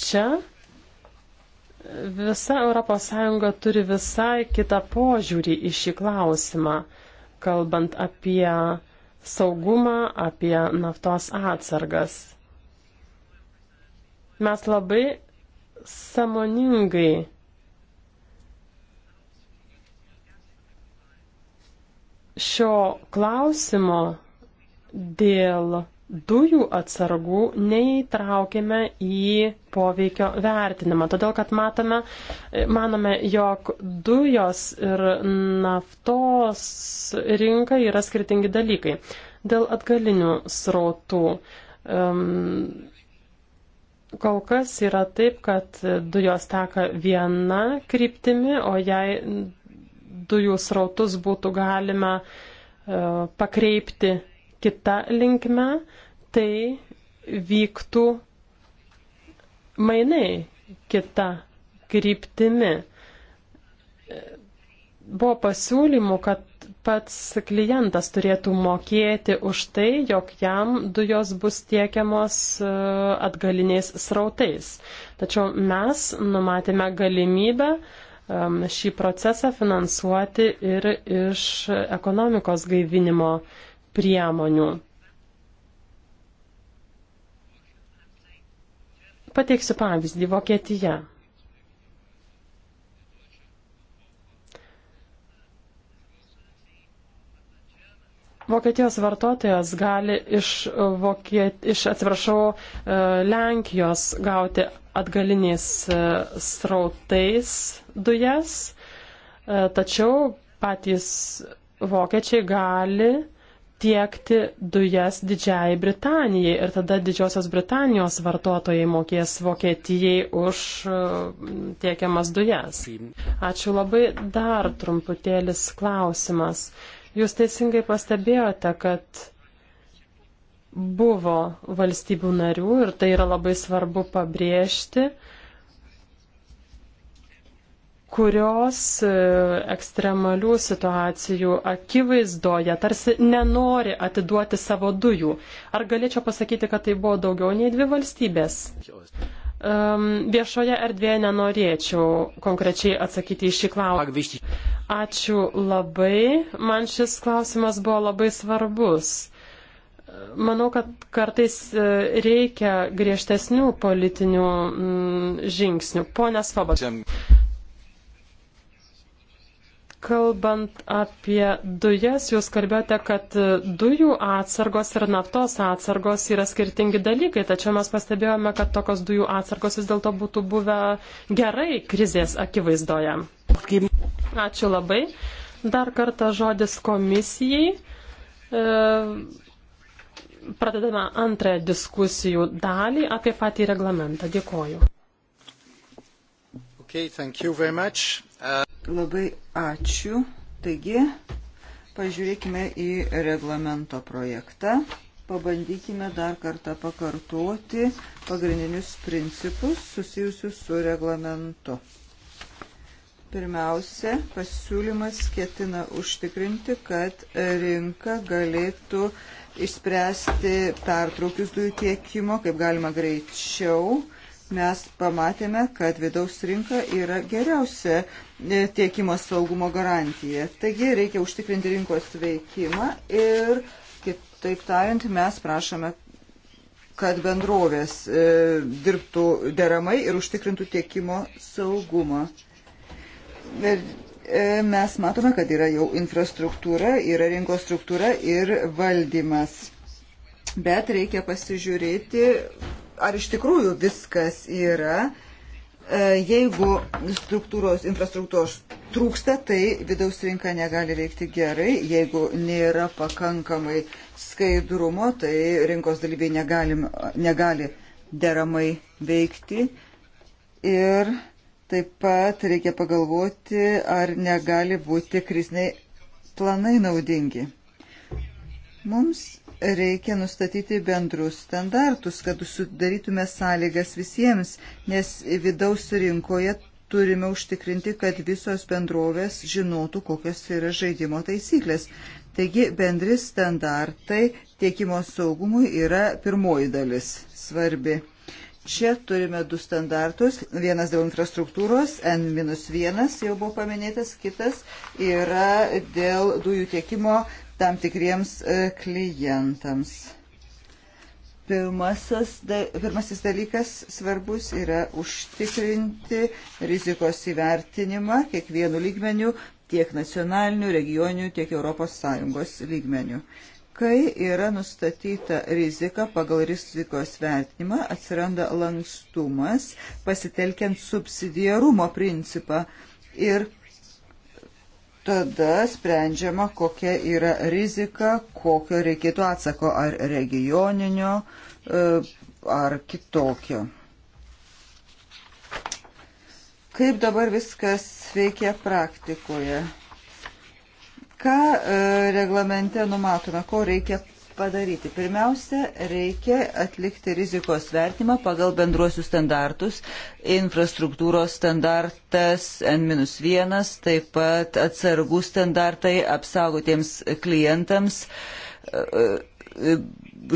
B: Čia Visa ES turi visai kitą požiūrį į šį klausimą, kalbant apie saugumą, apie naftos atsargas. Mes labai samoningai šio klausimo dėl dujų atsargų neįtraukėme į poveikio vertinimą, todėl kad matome, manome, jog dujos ir naftos rinka yra skirtingi dalykai. Dėl atgalinių srautų. Um, Kol kas yra taip, kad dujos teka viena kryptimi, o jei dujų srautus būtų galima uh, pakreipti kita linkme, uh, tai vyktų mainai kita kryptimi. Buvo pasiūlymų, kad pats klientas turėtų mokėti už tai, jog jam dujos bus tiekiamos e, atgaliniais srautais. Tačiau mes numatėme galimybę e, šį procesą finansuoti ir iš ekonomikos gaivinimo priemonių. Pateiksiu pavyzdį - Vokietija. Vokietijos vartotojas gali iš, Vokiet... iš atsiprašau, e, Lenkijos gauti atgaliniais e, srautais dujas, e, tačiau patys vokiečiai gali uh, tiekti dujas Didžiai Britanijai ir tada Didžiosios Britanijos vartotojai mokės Vokietijai už e, tiekiamas dujas. Ačiū labai. Dar trumputėlis klausimas. Jūs teisingai pastebėjote, kad buvo valstybių narių ir tai yra labai svarbu pabrėžti, kurios e, ekstremalių situacijų akivaizdoje tarsi nenori atiduoti savo dujų. Ar galėčiau pasakyti, kad tai buvo daugiau nei dvi valstybės? Um, viešoje erdvėje nenorėčiau konkrečiai atsakyti į šį klausimą. Ačiū labai. Man šis klausimas buvo labai svarbus. Manau, kad kartais e, reikia griežtesnių politinių mm, žingsnių. Pone Svobas. Kalbant apie dujas, jūs kalbėjote, kad dujų atsargos ir naftos atsargos yra skirtingi dalykai, tačiau mes pastebėjome, kad tokios dujų atsargos vis dėlto būtų buvę gerai krizės akivaizdoje. Ačiū labai. Dar kartą žodis komisijai. E, pradedame antrąją diskusijų dalį apie patį reglamentą. Dėkoju.
D: Okay, Labai ačiū. Taigi, pažiūrėkime į reglamento projektą. Pabandykime dar kartą pakartoti pagrindinius principus susijusius su reglamentu. Pirmiausia, pasiūlymas ketina užtikrinti, kad rinka galėtų išspręsti pertraukius dujų tiekimo, kaip galima greičiau mes pamatėme, kad vidaus rinka yra geriausia e, tiekimo saugumo garantija. Taigi reikia užtikrinti rinkos veikimą ir, kitaip tariant, mes prašome, kad bendrovės e, dirbtų deramai ir užtikrintų tiekimo saugumą. Ir, e, mes matome, kad yra jau infrastruktūra, yra rinkos struktūra ir valdymas. Bet reikia pasižiūrėti, ar iš tikrųjų viskas yra. E, jeigu struktūros, infrastruktūros trūksta, tai vidaus rinka negali veikti gerai. Jeigu nėra pakankamai skaidrumo, tai rinkos dalyviai negali, negali deramai veikti. Ir taip pat reikia pagalvoti, ar negali būti kriziniai planai naudingi. Mums reikia nustatyti bendrus standartus, kad sudarytume sąlygas visiems, nes vidaus rinkoje turime užtikrinti, kad visos bendrovės žinotų, kokios yra žaidimo taisyklės. Taigi bendri standartai tiekimo saugumui yra pirmoji dalis svarbi. Čia turime du standartus. Vienas dėl infrastruktūros, N-1 jau buvo paminėtas, kitas yra dėl dujų tiekimo tam tikriems e, klientams. Pirmasis, pirmasis dalykas svarbus yra užtikrinti rizikos įvertinimą kiekvienų lygmenių, tiek nacionalinių, regioninių, tiek ES lygmenių. Kai yra nustatyta rizika pagal rizikos vertinimą, atsiranda lankstumas pasitelkiant subsidiarumo principą ir tada sprendžiama, kokia yra rizika, kokio reikėtų atsako, ar regioninio, e, ar kitokio. Kaip dabar viskas veikia praktikoje? Ką e, reglamente numatome, ko reikia padaryti? Pirmiausia, reikia atlikti rizikos vertimą pagal bendruosius standartus, infrastruktūros standartas N-1, taip pat atsargų standartai apsaugotiems klientams. E, e,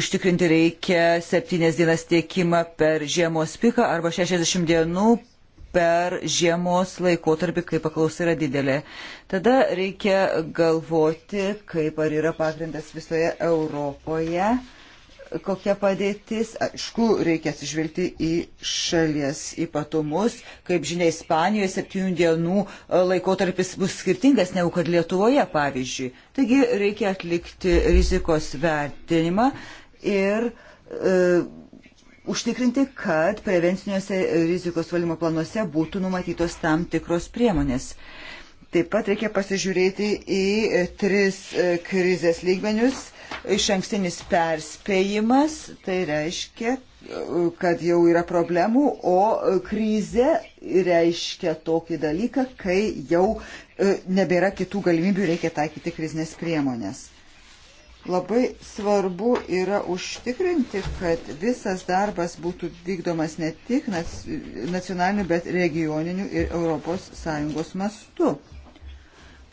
D: užtikrinti reikia septynės dienas tiekimą per žiemos piką arba 60 dienų per žiemos laikotarpį, kai paklausa yra didelė. Tada reikia galvoti, kaip ar yra pagrindas visoje Europoje, kokia padėtis. Aišku, reikia atsižvelgti į šalies ypatumus. Kaip žinia, Ispanijoje septynių dienų laikotarpis bus skirtingas negu kad Lietuvoje, pavyzdžiui. Taigi reikia atlikti rizikos vertinimą ir e, užtikrinti, kad prevenciniuose rizikos valdymo planuose būtų numatytos tam tikros priemonės. Taip pat reikia pasižiūrėti į tris e, krizės lygmenius. Iš ankstinis perspėjimas, tai reiškia, e, kad jau yra problemų, o e, krizė reiškia tokį dalyką, kai jau nebėra kitų galimybių, reikia taikyti krizinės priemonės. Labai svarbu yra užtikrinti, kad visas darbas būtų vykdomas ne tik nacionaliniu, bet regioniniu ir ES mastu.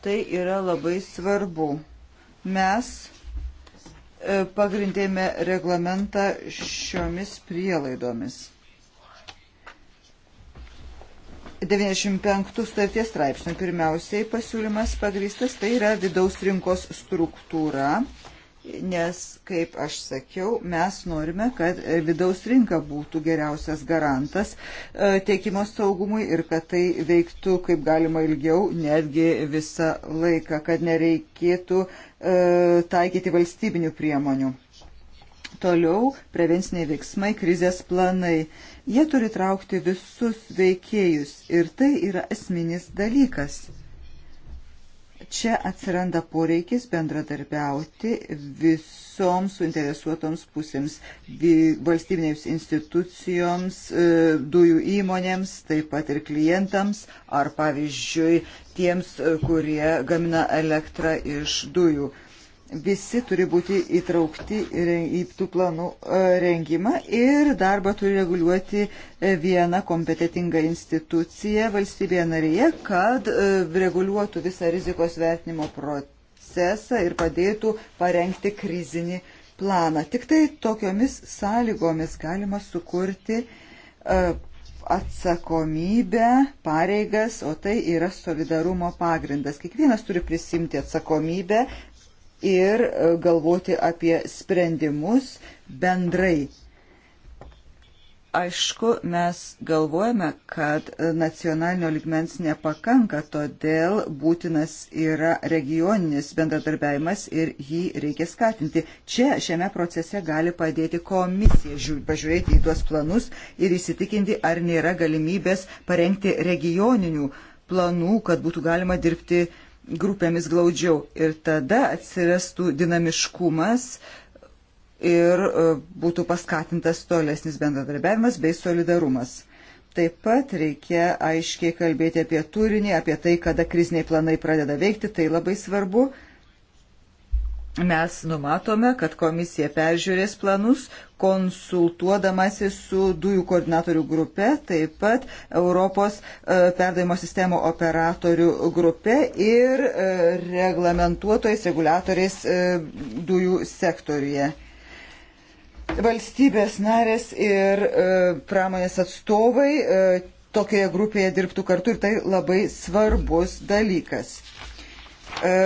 D: Tai yra labai svarbu. Mes e, pagrindėme reglamentą šiomis prielaidomis. 95 starties straipsnių pirmiausiai pasiūlymas pagrįstas, tai yra vidaus rinkos struktūra nes, kaip aš sakiau, mes norime, kad vidaus rinka būtų geriausias garantas e, tiekimo saugumui ir kad tai veiktų kaip galima ilgiau, netgi visą laiką, kad nereikėtų e, taikyti valstybinių priemonių. Toliau prevenciniai veiksmai, krizės planai. Jie turi traukti visus veikėjus ir tai yra esminis dalykas Čia atsiranda poreikis bendradarbiauti visoms suinteresuotoms pusėms, valstybinėms institucijoms, e, dujų įmonėms, taip pat ir klientams, ar pavyzdžiui tiems, e, kurie gamina elektrą iš dujų visi turi būti įtraukti į tų planų e, rengimą ir darbą turi reguliuoti e, viena kompetitinga institucija valstybėje narėje, kad e, reguliuotų visą rizikos vertinimo procesą ir padėtų parengti krizinį planą. Tik tai tokiomis sąlygomis galima sukurti atsakomybę, pareigas, o tai yra solidarumo pagrindas. Kiekvienas turi prisimti atsakomybę ir e, galvoti apie sprendimus bendrai. Aišku, mes galvojame, kad nacionalinio ligmens nepakanka, todėl būtinas yra regioninis bendradarbiavimas ir jį reikia skatinti. Čia šiame procese gali padėti komisija pažiūrėti į tuos planus ir įsitikinti, ar nėra galimybės parengti regioninių planų, kad būtų galima dirbti uh, grupėmis glaudžiau ir tada atsirastų dinamiškumas ir e, būtų paskatintas tolesnis bendradarbiavimas bei solidarumas. Taip pat reikia aiškiai kalbėti apie turinį, apie tai, kada kriziniai planai pradeda veikti, tai labai svarbu. Mes numatome, kad komisija peržiūrės planus, konsultuodamasi su dujų koordinatorių grupe, taip pat Europos e, perdavimo sistemo operatorių grupe ir e, reglamentuotojais, reguliatoriais e, dujų sektoriuje valstybės narės ir e, pramonės atstovai e, tokioje grupėje dirbtų kartu ir tai labai svarbus dalykas. E,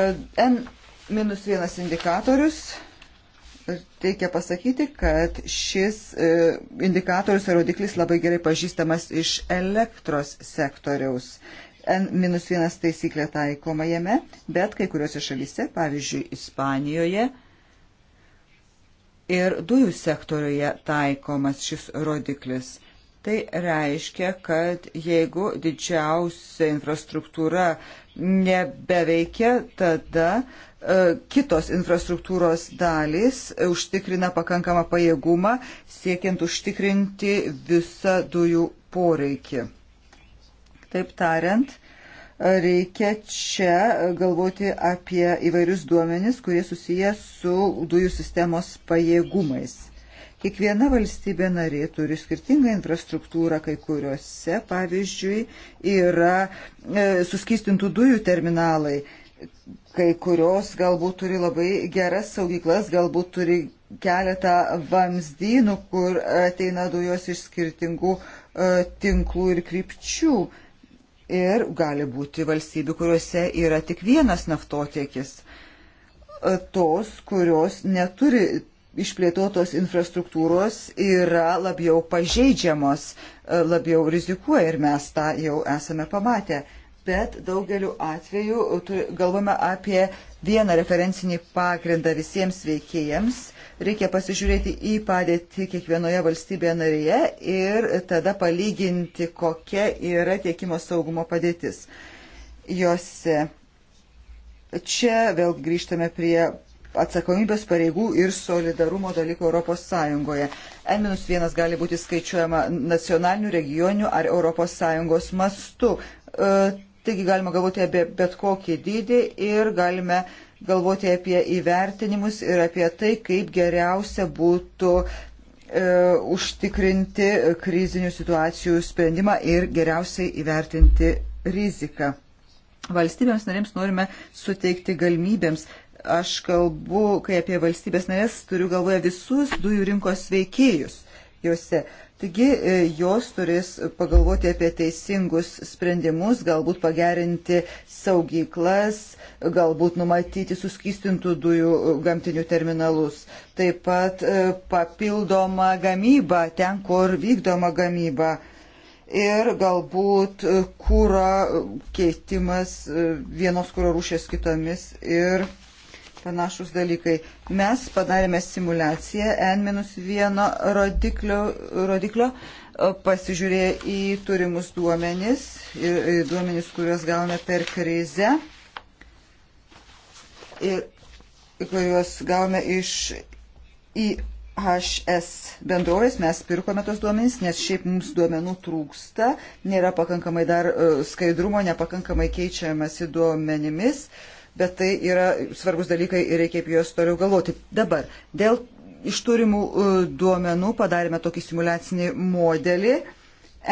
D: N minus vienas indikatorius. Reikia pasakyti, kad šis e, indikatorius ar rodiklis labai gerai pažįstamas iš elektros sektoriaus. N-1 taisyklė taikoma jame, bet kai kuriuose šalyse, pavyzdžiui, Ispanijoje ir dujų sektoriuje taikomas šis rodiklis. Tai reiškia, kad jeigu didžiausia infrastruktūra nebeveikia, tada e, kitos infrastruktūros dalys e, užtikrina pakankamą pajėgumą, siekiant užtikrinti visą dujų poreikį. Taip tariant, e, reikia čia galvoti apie įvairius duomenis, kurie susijęs su dujų sistemos pajėgumais. Kiekviena valstybė narė turi skirtingą infrastruktūrą, kai kuriuose, pavyzdžiui, yra e, suskistintų dujų terminalai, kai kurios galbūt turi labai geras saugyklas, galbūt turi keletą vamzdynų, kur ateina dujos iš skirtingų e, tinklų ir krypčių. Ir gali būti valstybių, kuriuose yra tik vienas naftotiekis. E, tos, kurios neturi išplėtotos infrastruktūros yra labiau pažeidžiamos, e, labiau rizikuoja ir mes tą jau esame pamatę. Bet daugeliu atveju e, galvome apie vieną referencinį pagrindą visiems veikėjams. Reikia pasižiūrėti į padėtį kiekvienoje valstybėje narėje ir tada palyginti, kokia yra tiekimo saugumo padėtis. Jose. Čia vėl grįžtame prie atsakomybės pareigų ir solidarumo dalykų Europos Sąjungoje. N-1 gali būti skaičiuojama nacionaliniu, regioniniu ar Europos Sąjungos mastu. E, taigi galima galvoti apie bet kokį dydį ir galime galvoti apie įvertinimus ir apie tai, kaip geriausia būtų e, užtikrinti krizinių situacijų sprendimą ir geriausiai įvertinti riziką. Valstybėms narėms norime suteikti galimybėms aš kalbu, kai apie valstybės narės, turiu galvoje visus dujų rinkos veikėjus juose. Taigi e, jos turės pagalvoti apie teisingus sprendimus, galbūt pagerinti saugyklas, galbūt numatyti suskistintų dujų gamtinių terminalus. Taip pat e, papildoma gamyba ten, kur vykdoma gamyba. Ir galbūt e, kūro keitimas vienos kūro rūšės kitomis ir panašus dalykai. Mes padarėme simulaciją N-1 rodiklio, rodiklio pasižiūrėję į turimus duomenis, duomenis, kuriuos gauname per krizę ir kuriuos gavome iš IHS bendrovės, mes pirkome tos duomenys, nes šiaip mums duomenų trūksta, nėra pakankamai dar e, skaidrumo, nepakankamai keičiamasi duomenimis. Uh, bet tai yra svarbus dalykai ir reikia apie juos toliau galvoti. Dabar, dėl iš turimų e, duomenų padarėme tokį simulacinį modelį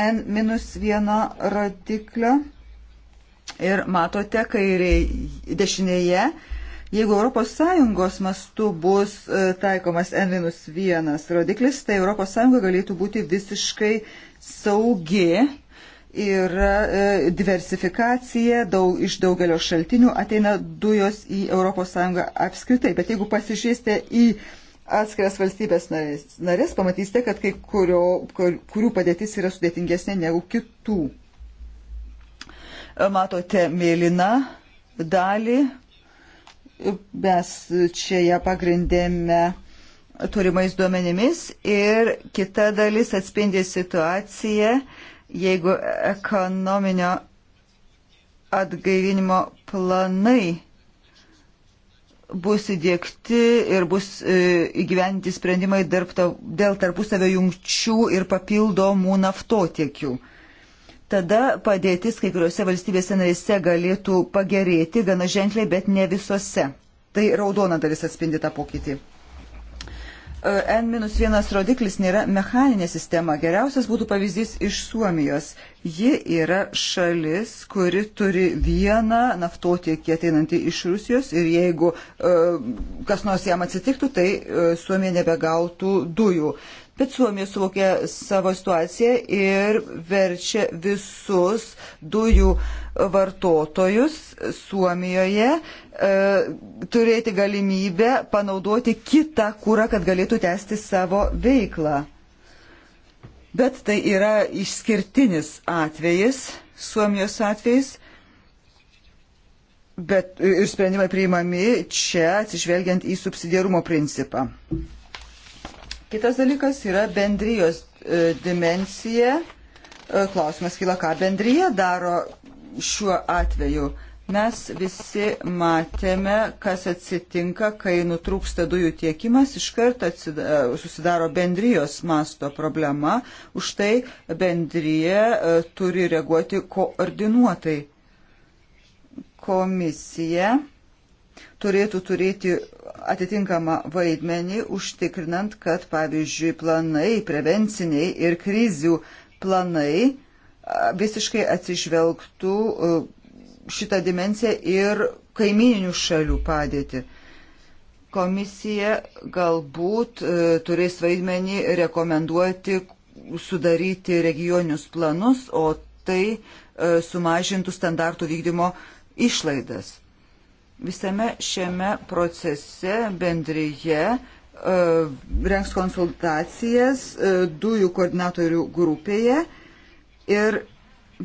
D: N-1 radiklio ir matote kairėje dešinėje, jeigu ES mastu bus e, taikomas N-1 rodiklis, tai ES galėtų būti visiškai saugi yra e, diversifikacija, daug, iš daugelio šaltinių ateina dujos į ES apskritai. Bet jeigu pasižiūrėsite į atskiras valstybės narės, narės pamatysite, kad kai kurio, kur, kurių padėtis yra sudėtingesnė negu kitų. E, matote mėlyną dalį, e, mes čia ją pagrindėme turimais duomenimis ir kita dalis atspindi situaciją jeigu ekonominio atgaivinimo planai bus įdėkti ir bus e, įgyventi sprendimai dėl tarpusavio jungčių ir papildomų naftotiekių. Tada padėtis kai kuriuose valstybėse narėse galėtų pagerėti gana ženkliai, bet ne visose. Tai raudona dalis atspindi tą pokytį. N-1 rodiklis nėra mechaninė sistema. Geriausias būtų pavyzdys iš Suomijos. Ji yra šalis, kuri turi vieną naftotiekį ateinantį iš Rusijos ir jeigu e, kas nors jam atsitiktų, tai e, Suomija nebegautų dujų. Bet Suomija suvokia savo situaciją ir verčia visus dujų vartotojus Suomijoje e, turėti galimybę panaudoti kitą kūrą, kad galėtų tęsti savo veiklą. Bet tai yra išskirtinis atvejis, Suomijos atvejis. Bet ir sprendimai priimami čia atsižvelgiant į subsidiarumo principą. Kitas dalykas yra bendrijos e, dimensija. E, klausimas kyla, ką bendryje daro šiuo atveju. Mes visi matėme, kas atsitinka, kai nutrūksta dujų tiekimas, iš karto e, susidaro bendrijos masto problema, už tai bendryje turi reaguoti koordinuotai. Komisija turėtų turėti atitinkamą vaidmenį, užtikrinant, kad, pavyzdžiui, planai, prevenciniai ir krizių planai visiškai atsižvelgtų šitą dimenciją ir kaimininių šalių padėti. Komisija galbūt turės vaidmenį rekomenduoti sudaryti regioninius planus, o tai sumažintų standartų vykdymo išlaidas. Visame šiame procese bendryje e, rengs konsultacijas e, dujų koordinatorių grupėje ir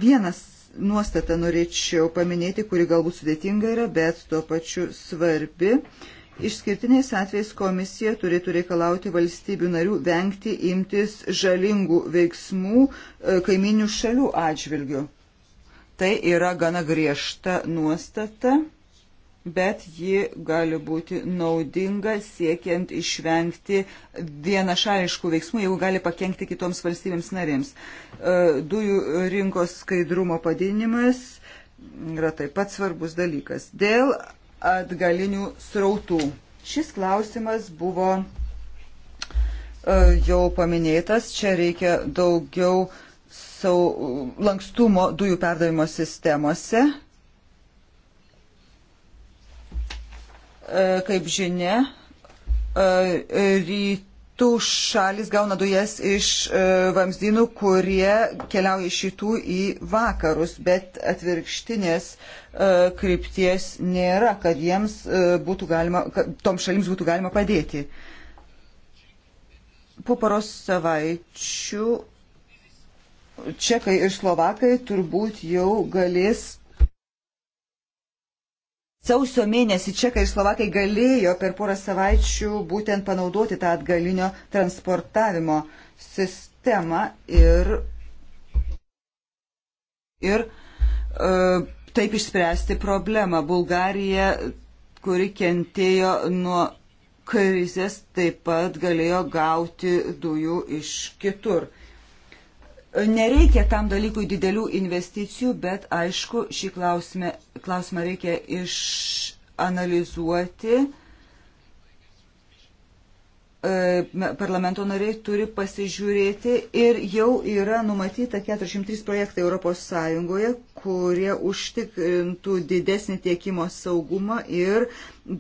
D: vienas nuostata norėčiau paminėti, kuri galbūt sudėtinga yra, bet tuo pačiu svarbi. Išskirtiniais atvejais komisija turėtų reikalauti valstybių narių vengti imtis žalingų veiksmų e, kaiminių šalių atžvilgių. Tai yra gana griežta nuostata bet ji gali būti naudinga siekiant išvengti vienašališkų veiksmų, jeigu gali pakengti kitoms valstybėms narėms. E, dujų rinkos skaidrumo padinimas yra taip pat svarbus dalykas. Dėl atgalinių srautų. Šis klausimas buvo e, jau paminėtas, čia reikia daugiau sau, lankstumo dujų perdavimo sistemose E, kaip žinia, e, rytų šalis gauna dujas iš e, vamzdynų, kurie keliauja iš rytų į vakarus, bet atvirkštinės krypties nėra, kad jiems būtų galima, kad tom šalims būtų galima padėti. Po paros savaičių čekai ir slovakai turbūt jau galės Sausio mėnesį čekai ir slovakai galėjo per porą savaičių būtent panaudoti tą atgalinio transportavimo sistemą ir, ir e, taip išspręsti problemą. Bulgarija, kuri kentėjo nuo krizės, taip pat galėjo gauti dujų iš kitur. Nereikia tam dalykui didelių investicijų, bet aišku, šį klausimą, klausimą reikia išanalizuoti. E, parlamento nariai turi pasižiūrėti ir jau yra numatyta 403 projektai Europos Sąjungoje, kurie užtikrintų didesnį tiekimo saugumą ir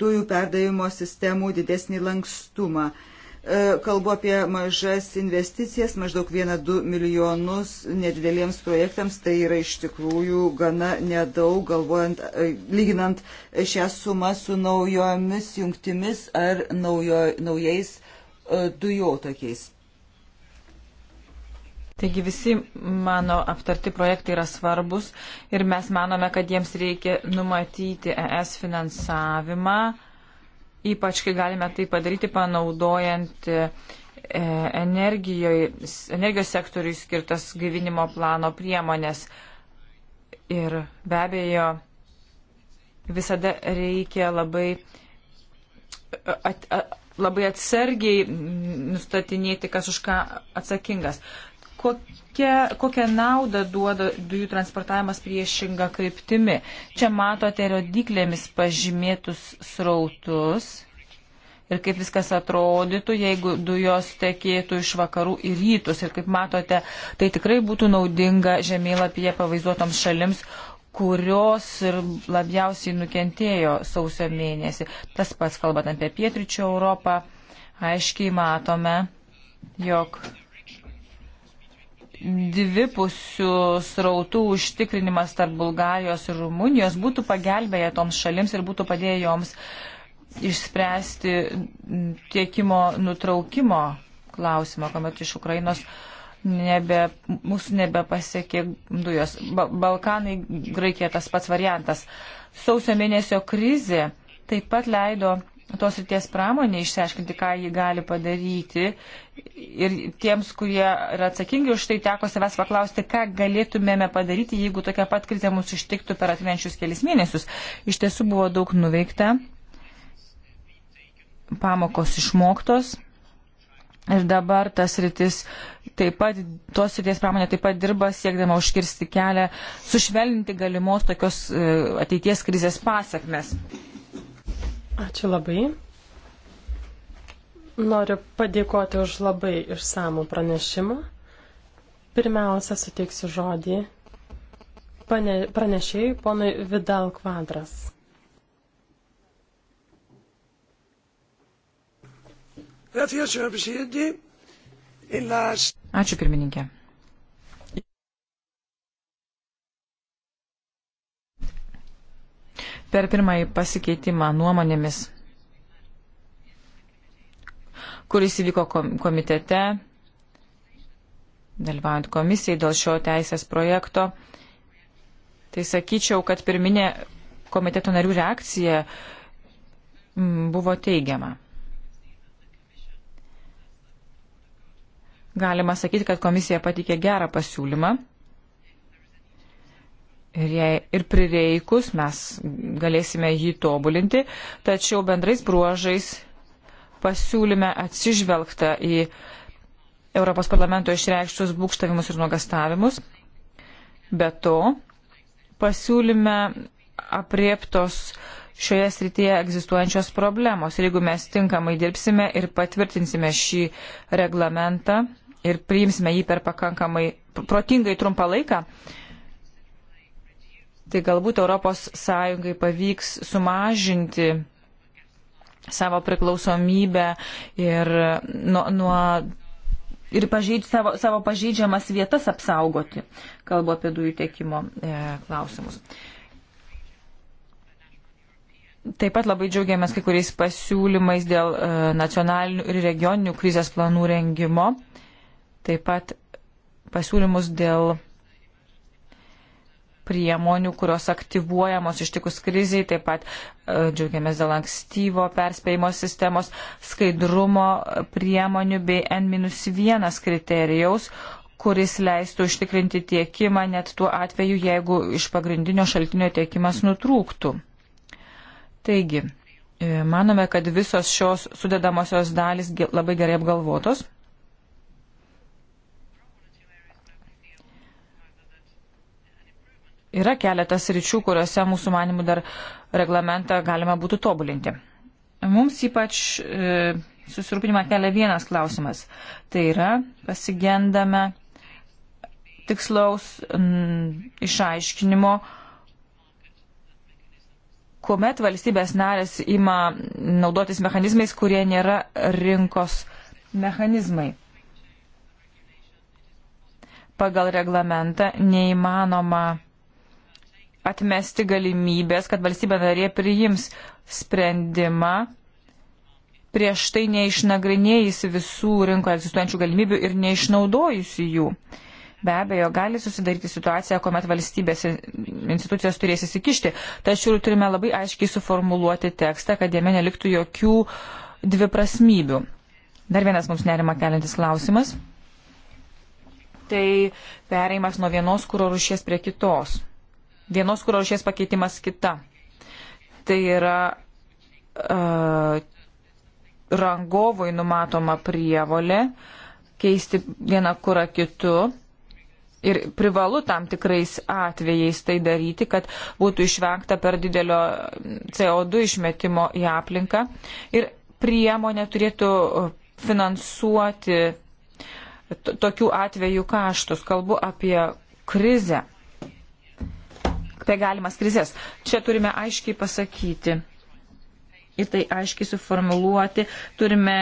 D: dujų perdavimo sistemų didesnį lankstumą. Uh, E, kalbu apie mažas investicijas, maždaug 1-2 milijonus nedideliems projektams. Tai yra iš tikrųjų gana nedaug, galvojant, e, lyginant šią sumą su naujomis jungtimis ar naujo, naujais e, dujotakiais.
C: Taigi visi mano aptarti projektai yra svarbus ir mes manome, kad jiems reikia numatyti ES finansavimą ypač kai galime tai padaryti panaudojant e, energijos sektoriui skirtas gyvinimo plano priemonės. Ir be abejo, visada reikia labai, at, at, labai atsargiai nustatinėti, kas už ką atsakingas. Ko, kokia, kokią naudą duoda dujų transportavimas priešinga kryptimi. Čia matote rodiklėmis pažymėtus srautus ir kaip viskas atrodytų, jeigu dujos tekėtų iš vakarų į rytus. Ir kaip matote, tai tikrai būtų naudinga žemėlapyje pavaizduotoms šalims kurios ir labiausiai nukentėjo sausio mėnesį. Tas pats kalbant apie pietričio Europą, aiškiai matome, jog dvipusių srautų užtikrinimas tarp Bulgarijos ir Rumunijos būtų pagelbėję toms šalims ir būtų padėję joms išspręsti tiekimo nutraukimo klausimą, kuomet iš Ukrainos nebe, mūsų nebepasiekė dujos. Ba Balkanai, Graikija tas pats variantas. Sausio mėnesio krizė taip pat leido tos ryties pramonė išsiaiškinti, ką ji gali padaryti. Ir tiems, kurie yra atsakingi už tai, teko savęs paklausti, ką galėtumėme padaryti, jeigu tokia pat krizė mūsų ištiktų per atvenčius kelis mėnesius. Iš tiesų buvo daug nuveikta, pamokos išmoktos. Ir dabar tas rytis taip pat, tos ryties pramonė taip pat dirba siekdama užkirsti kelią, sušvelninti galimos tokios e, ateities krizės pasiekmes.
B: Ačiū labai. Noriu padėkoti už labai išsamų pranešimą. Pirmiausia, suteiksiu žodį pranešėjui ponui Vidal Kvadras. Ačiū
C: pirmininkė. per pirmąjį pasikeitimą nuomonėmis, kuris įvyko komitete, dalyvaujant komisijai dėl šio teisės projekto, tai sakyčiau, kad pirminė komiteto narių reakcija buvo teigiama. Galima sakyti, kad komisija patikė gerą pasiūlymą Ir, jei, ir prireikus mes galėsime jį tobulinti, tačiau bendrais bruožais pasiūlyme atsižvelgta į Europos parlamento išreikštus būkštavimus ir nuogastavimus. Be to, pasiūlyme apriektos šioje srityje egzistuojančios problemos. Ir jeigu mes tinkamai dirbsime ir patvirtinsime šį reglamentą ir priimsime jį per pakankamai protingai trumpą laiką, tai galbūt ES pavyks sumažinti savo priklausomybę ir, nuo, nuo, ir pažeidž, savo, savo pažeidžiamas vietas apsaugoti, kalbu apie dujų tiekimo e, klausimus. Taip pat labai džiaugiamės kai kuriais pasiūlymais dėl e, nacionalinių ir regioninių krizės planų rengimo, taip pat pasiūlymus dėl priemonių, kurios aktyvuojamos ištikus kriziai, taip pat e, džiaugiamės dėl ankstyvo perspėjimo sistemos, skaidrumo priemonių bei N-1 kriterijaus, kuris leistų užtikrinti tiekimą net tuo atveju, jeigu iš pagrindinio šaltinio tiekimas nutrūktų. Taigi, e, manome, kad visos šios sudedamosios dalys labai gerai apgalvotos yra keletas ryčių, kuriuose mūsų manimų dar reglamentą galima būtų tobulinti. Mums ypač e, susirūpinimą kelia vienas klausimas. Tai yra, pasigendame tikslaus m, išaiškinimo, kuomet valstybės narės ima naudotis mechanizmais, kurie nėra rinkos mechanizmai. Pagal reglamentą neįmanoma atmesti galimybės, kad valstybė narė priims sprendimą prieš tai neišnagrinėjusi visų rinkoje egzistuojančių galimybių ir neišnaudojusi jų. Be abejo, gali susidaryti situacija, kuomet valstybės institucijos turės įsikišti, tačiau turime labai aiškiai suformuluoti tekstą, kad jame neliktų jokių dviprasmybių. Dar vienas mums nerima keliantis klausimas. Tai pereimas nuo vienos kūro rušies prie kitos vienos kūro rūšies pakeitimas kita. Tai yra uh, rangovui numatoma prievolė keisti vieną kūrą kitu. Ir privalu tam tikrais atvejais tai daryti, kad būtų išvengta per didelio CO2 išmetimo į aplinką. Ir priemonė turėtų finansuoti tokių atvejų kaštus. Kalbu apie krizę apie galimas krizės. Čia turime aiškiai pasakyti ir tai aiškiai suformuluoti, turime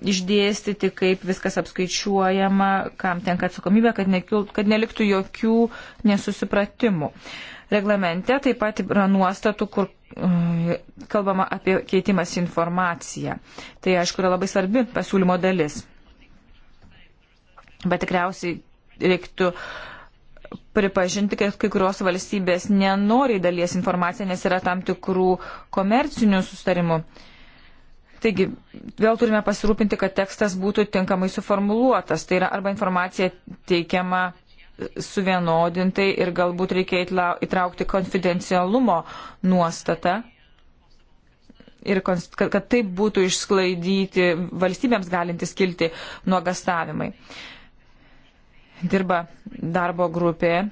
C: išdėstyti, kaip viskas apskaičiuojama, kam tenka atsakomybė, kad, nekil, kad neliktų jokių nesusipratimų. Reglamente taip pat yra nuostatų, kur uh, kalbama apie keitimas informaciją. Tai aišku yra labai svarbi pasiūlymo dalis. Bet tikriausiai reiktų uh, pripažinti, kad kai kurios valstybės nenori dalies informaciją, nes yra tam tikrų komercinių sustarimų. Taigi, vėl turime pasirūpinti, kad tekstas būtų tinkamai suformuluotas. Tai yra arba informacija teikiama suvienodintai ir galbūt reikia įtraukti konfidencialumo nuostatą. Ir kad, kad taip būtų išsklaidyti valstybėms galintis kilti nuogastavimai. Uh, dirba darbo grupė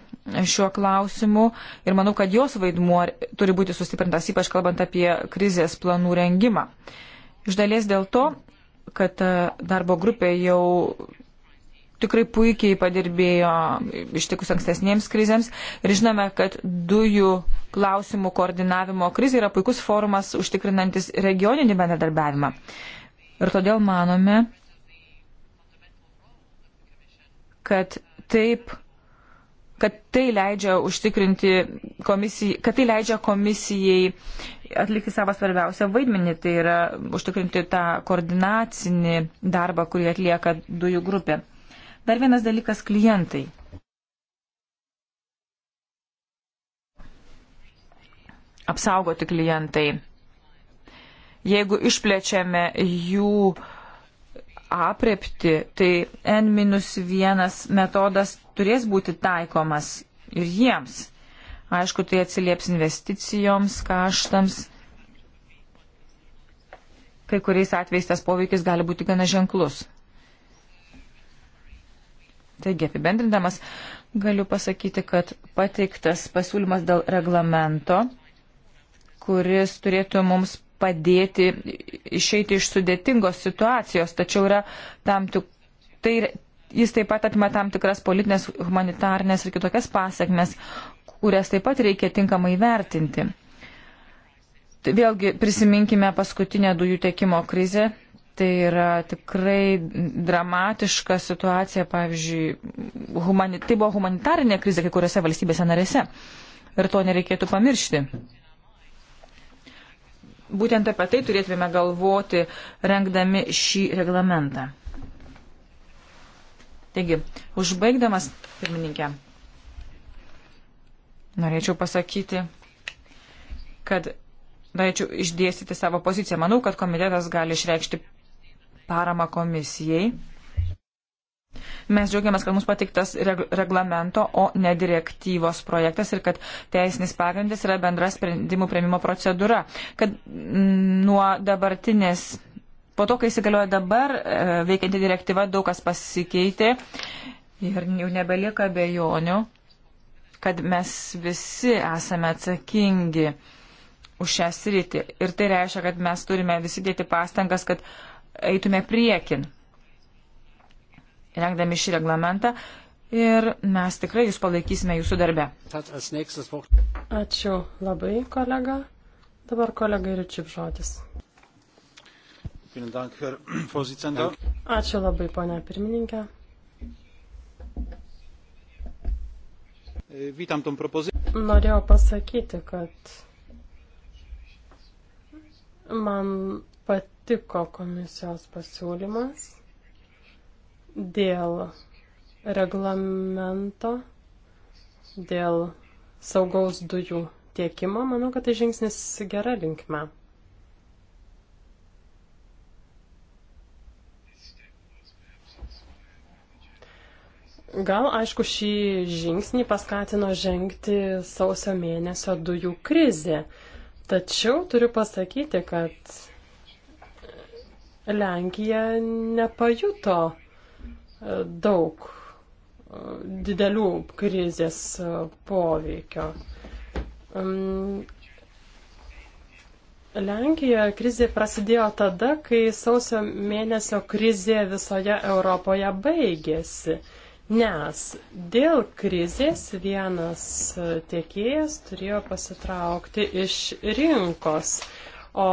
C: šiuo klausimu ir manau, kad jos vaidmuo turi būti sustiprintas, ypač kalbant apie krizės planų rengimą. Iš dalies dėl to, kad e, darbo grupė jau tikrai puikiai padirbėjo ištikus ankstesnėms krizėms ir žinome, kad dujų klausimų koordinavimo krizė yra puikus forumas užtikrinantis regioninį bendradarbiavimą. Ir todėl manome, kad taip kad tai leidžia užtikrinti komisijai, kad tai leidžia komisijai atlikti savo svarbiausią vaidmenį, tai yra užtikrinti tą koordinacinį darbą, kurį atlieka dujų grupė. Dar vienas dalykas - klientai. Apsaugoti klientai. Jeigu išplečiame jų uh, aprepti, tai N-1 metodas turės būti taikomas ir jiems. Aišku, tai atsilieps investicijoms, kaštams. Kai kuriais atvejais tas poveikis gali būti gana ženklus. Taigi, apibendrindamas, galiu pasakyti, kad pateiktas pasiūlymas dėl reglamento, kuris turėtų mums padėti išeiti iš sudėtingos situacijos, tačiau yra tam tik, tai jis taip pat atima tam tikras politinės, humanitarnės ir kitokias pasiekmes, kurias taip pat reikia tinkamai vertinti. Tai vėlgi prisiminkime paskutinę dujų tiekimo krizę. Tai yra tikrai dramatiška situacija, pavyzdžiui, humani, tai buvo humanitarinė krizė kai kuriuose valstybėse narėse. Ir to nereikėtų pamiršti būtent apie tai turėtume galvoti, rengdami šį reglamentą. Taigi, užbaigdamas, pirmininkė, norėčiau pasakyti, kad norėčiau išdėstyti savo poziciją. Manau, kad komitetas gali išreikšti paramą komisijai Mes džiaugiamės, kad mums patiktas reglamento, o ne direktyvos projektas ir kad teisinis pagrindas yra bendra sprendimų prieimimo procedūra. Kad mm, nuo dabartinės, po to, kai įsigalioja dabar e, veikianti direktyva, daug kas pasikeitė ir jau nebelieka bejonių, kad mes visi esame atsakingi už šią sritį. Ir tai reiškia, kad mes turime visi dėti pastangas, kad eitume priekin rengdami šį reglamentą ir mes tikrai jūs palaikysime jūsų darbe.
B: Ačiū labai, kolega. Dabar kolega ir čiap žodis. Ačiū labai, ponia pirmininkė.
A: Vytam tom propoziciją. Norėjau
B: pasakyti, kad man patiko komisijos pasiūlymas dėl reglamento, dėl saugaus dujų tiekimo, manau, kad tai žingsnis gera linkme. Gal, aišku, šį žingsnį paskatino žengti sausio mėnesio dujų krizė. Tačiau turiu pasakyti, kad Lenkija nepajuto daug e, didelių krizės e, poveikio. Lenkijoje krizė prasidėjo tada, kai sausio mėnesio krizė visoje Europoje baigėsi, nes dėl krizės vienas e, tiekėjas turėjo pasitraukti iš rinkos, o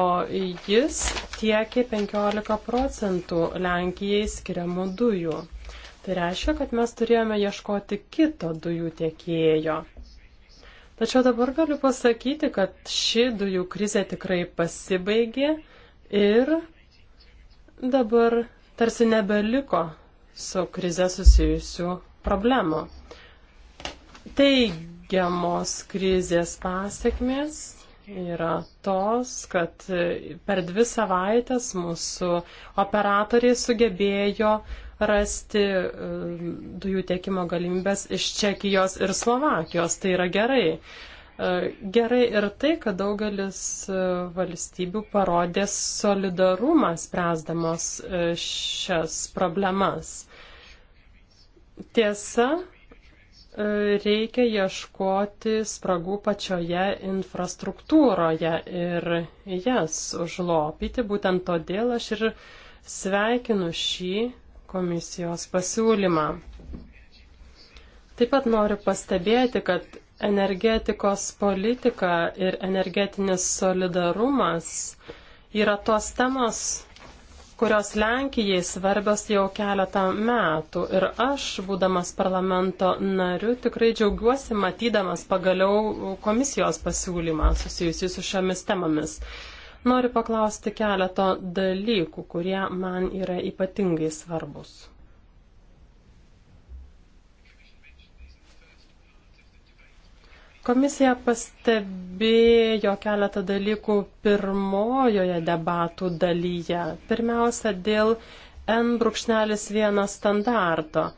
B: jis tiekė 15 procentų Lenkijai skiriamų dujų. Tai reiškia, kad mes turėjome ieškoti kito dujų tiekėjo. Tačiau dabar galiu pasakyti, kad ši dujų krizė tikrai pasibaigė ir dabar tarsi nebeliko su krize susijusių problemų. Teigiamos krizės pasiekmės yra tos, kad per dvi savaitės mūsų operatoriai sugebėjo uh, rasti e, dujų tiekimo galimybės iš Čekijos ir Slovakijos. Tai yra gerai. E, gerai ir tai, kad daugelis e, valstybių parodė solidarumą spręsdamos šias problemas. Tiesa, reikia ieškoti spragų pačioje infrastruktūroje ir jas užlopyti. Būtent todėl aš ir sveikinu šį komisijos pasiūlymą. Taip pat noriu pastebėti, kad energetikos politika ir energetinis solidarumas yra tos temos, kurios Lenkijai svarbios jau keletą metų. Ir aš, būdamas parlamento nariu, tikrai džiaugiuosi matydamas pagaliau komisijos pasiūlymą susijusiu su šiomis temomis. Noriu paklausti keleto dalykų, kurie man yra ypatingai svarbus. Komisija pastebėjo keletą dalykų pirmojoje debatų dalyje. Pirmiausia, dėl N1 standarto.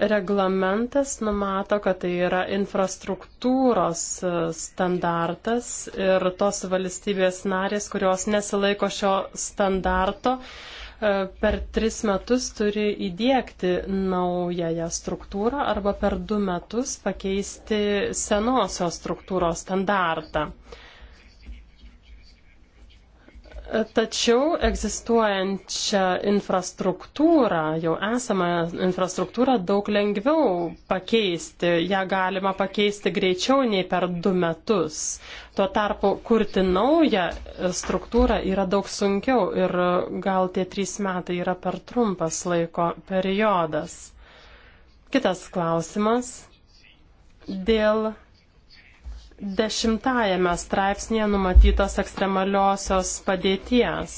B: Reglamentas numato, kad tai yra infrastruktūros e, standartas ir tos valstybės narės, kurios nesilaiko šio standarto, e, per tris metus turi įdėkti naująją struktūrą arba per du metus pakeisti senosios struktūros standartą. Tačiau egzistuojančią infrastruktūrą, jau esamą infrastruktūrą daug lengviau pakeisti. Ja galima pakeisti greičiau nei per du metus. Tuo tarpu kurti naują struktūrą yra daug sunkiau ir gal tie trys metai yra per trumpas laiko periodas. Kitas klausimas dėl Dešimtajame straipsnėje numatytos ekstremaliosios padėties.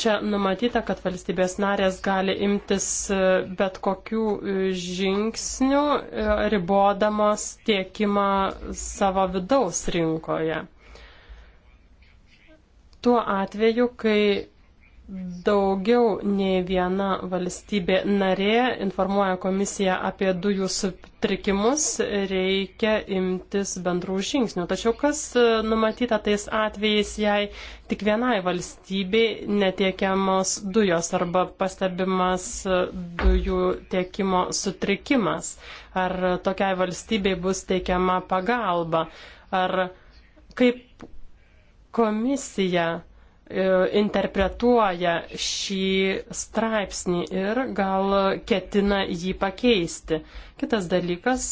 B: Čia numatyta, kad valstybės narės gali imtis e, bet kokių e, žingsnių, e, ribodamos tiekimą savo vidaus rinkoje. Tuo atveju, kai Daugiau nei viena valstybė narė informuoja komisiją apie dujų sutrikimus, reikia imtis bendrų žingsnių. Tačiau kas e, numatyta tais atvejais, jei tik vienai valstybei netiekiamos dujos arba pastebimas e, dujų tiekimo sutrikimas? Ar tokiai valstybei bus teikiama pagalba? Ar kaip komisija E, interpretuoja šį straipsnį ir gal ketina jį pakeisti. Kitas dalykas,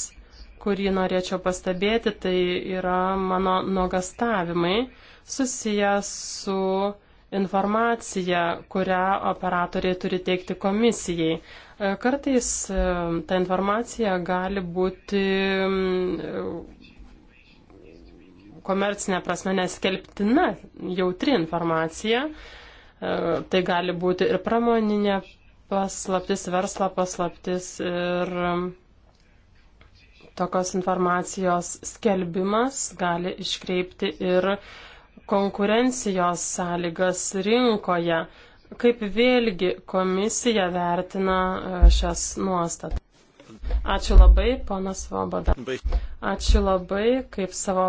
B: kurį norėčiau pastebėti, tai yra mano nuogastavimai susiję su informacija, kurią operatoriai turi teikti komisijai. E, kartais e, ta informacija gali būti komercinė prasme neskelbtina jautri informacija. E, tai gali būti ir pramoninė paslaptis, verslo paslaptis ir um, tokios informacijos skelbimas gali iškreipti ir konkurencijos sąlygas rinkoje. Kaip vėlgi komisija vertina e, šias nuostatas? Ačiū labai, ponas Voboda. Ačiū labai, kaip savo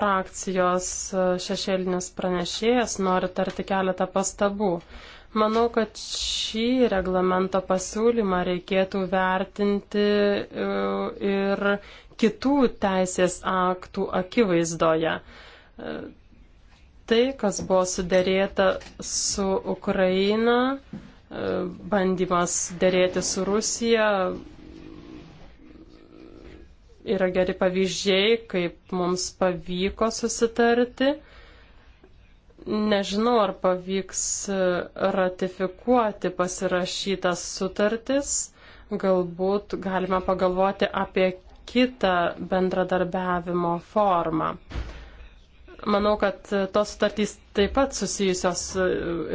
B: frakcijos e, šešėlinis pranešėjas noriu tarti keletą pastabų. Manau, kad šį reglamento pasiūlymą reikėtų vertinti e, ir kitų teisės aktų akivaizdoje. E, tai, kas buvo sudėrėta su Ukraina, bandymas dėrėti su Rusija, yra geri pavyzdžiai, kaip mums pavyko susitarti. Nežinau, ar pavyks ratifikuoti pasirašytas sutartis. Galbūt galime pagalvoti apie kitą bendradarbiavimo formą. Manau, kad tos sutartys taip pat susijusios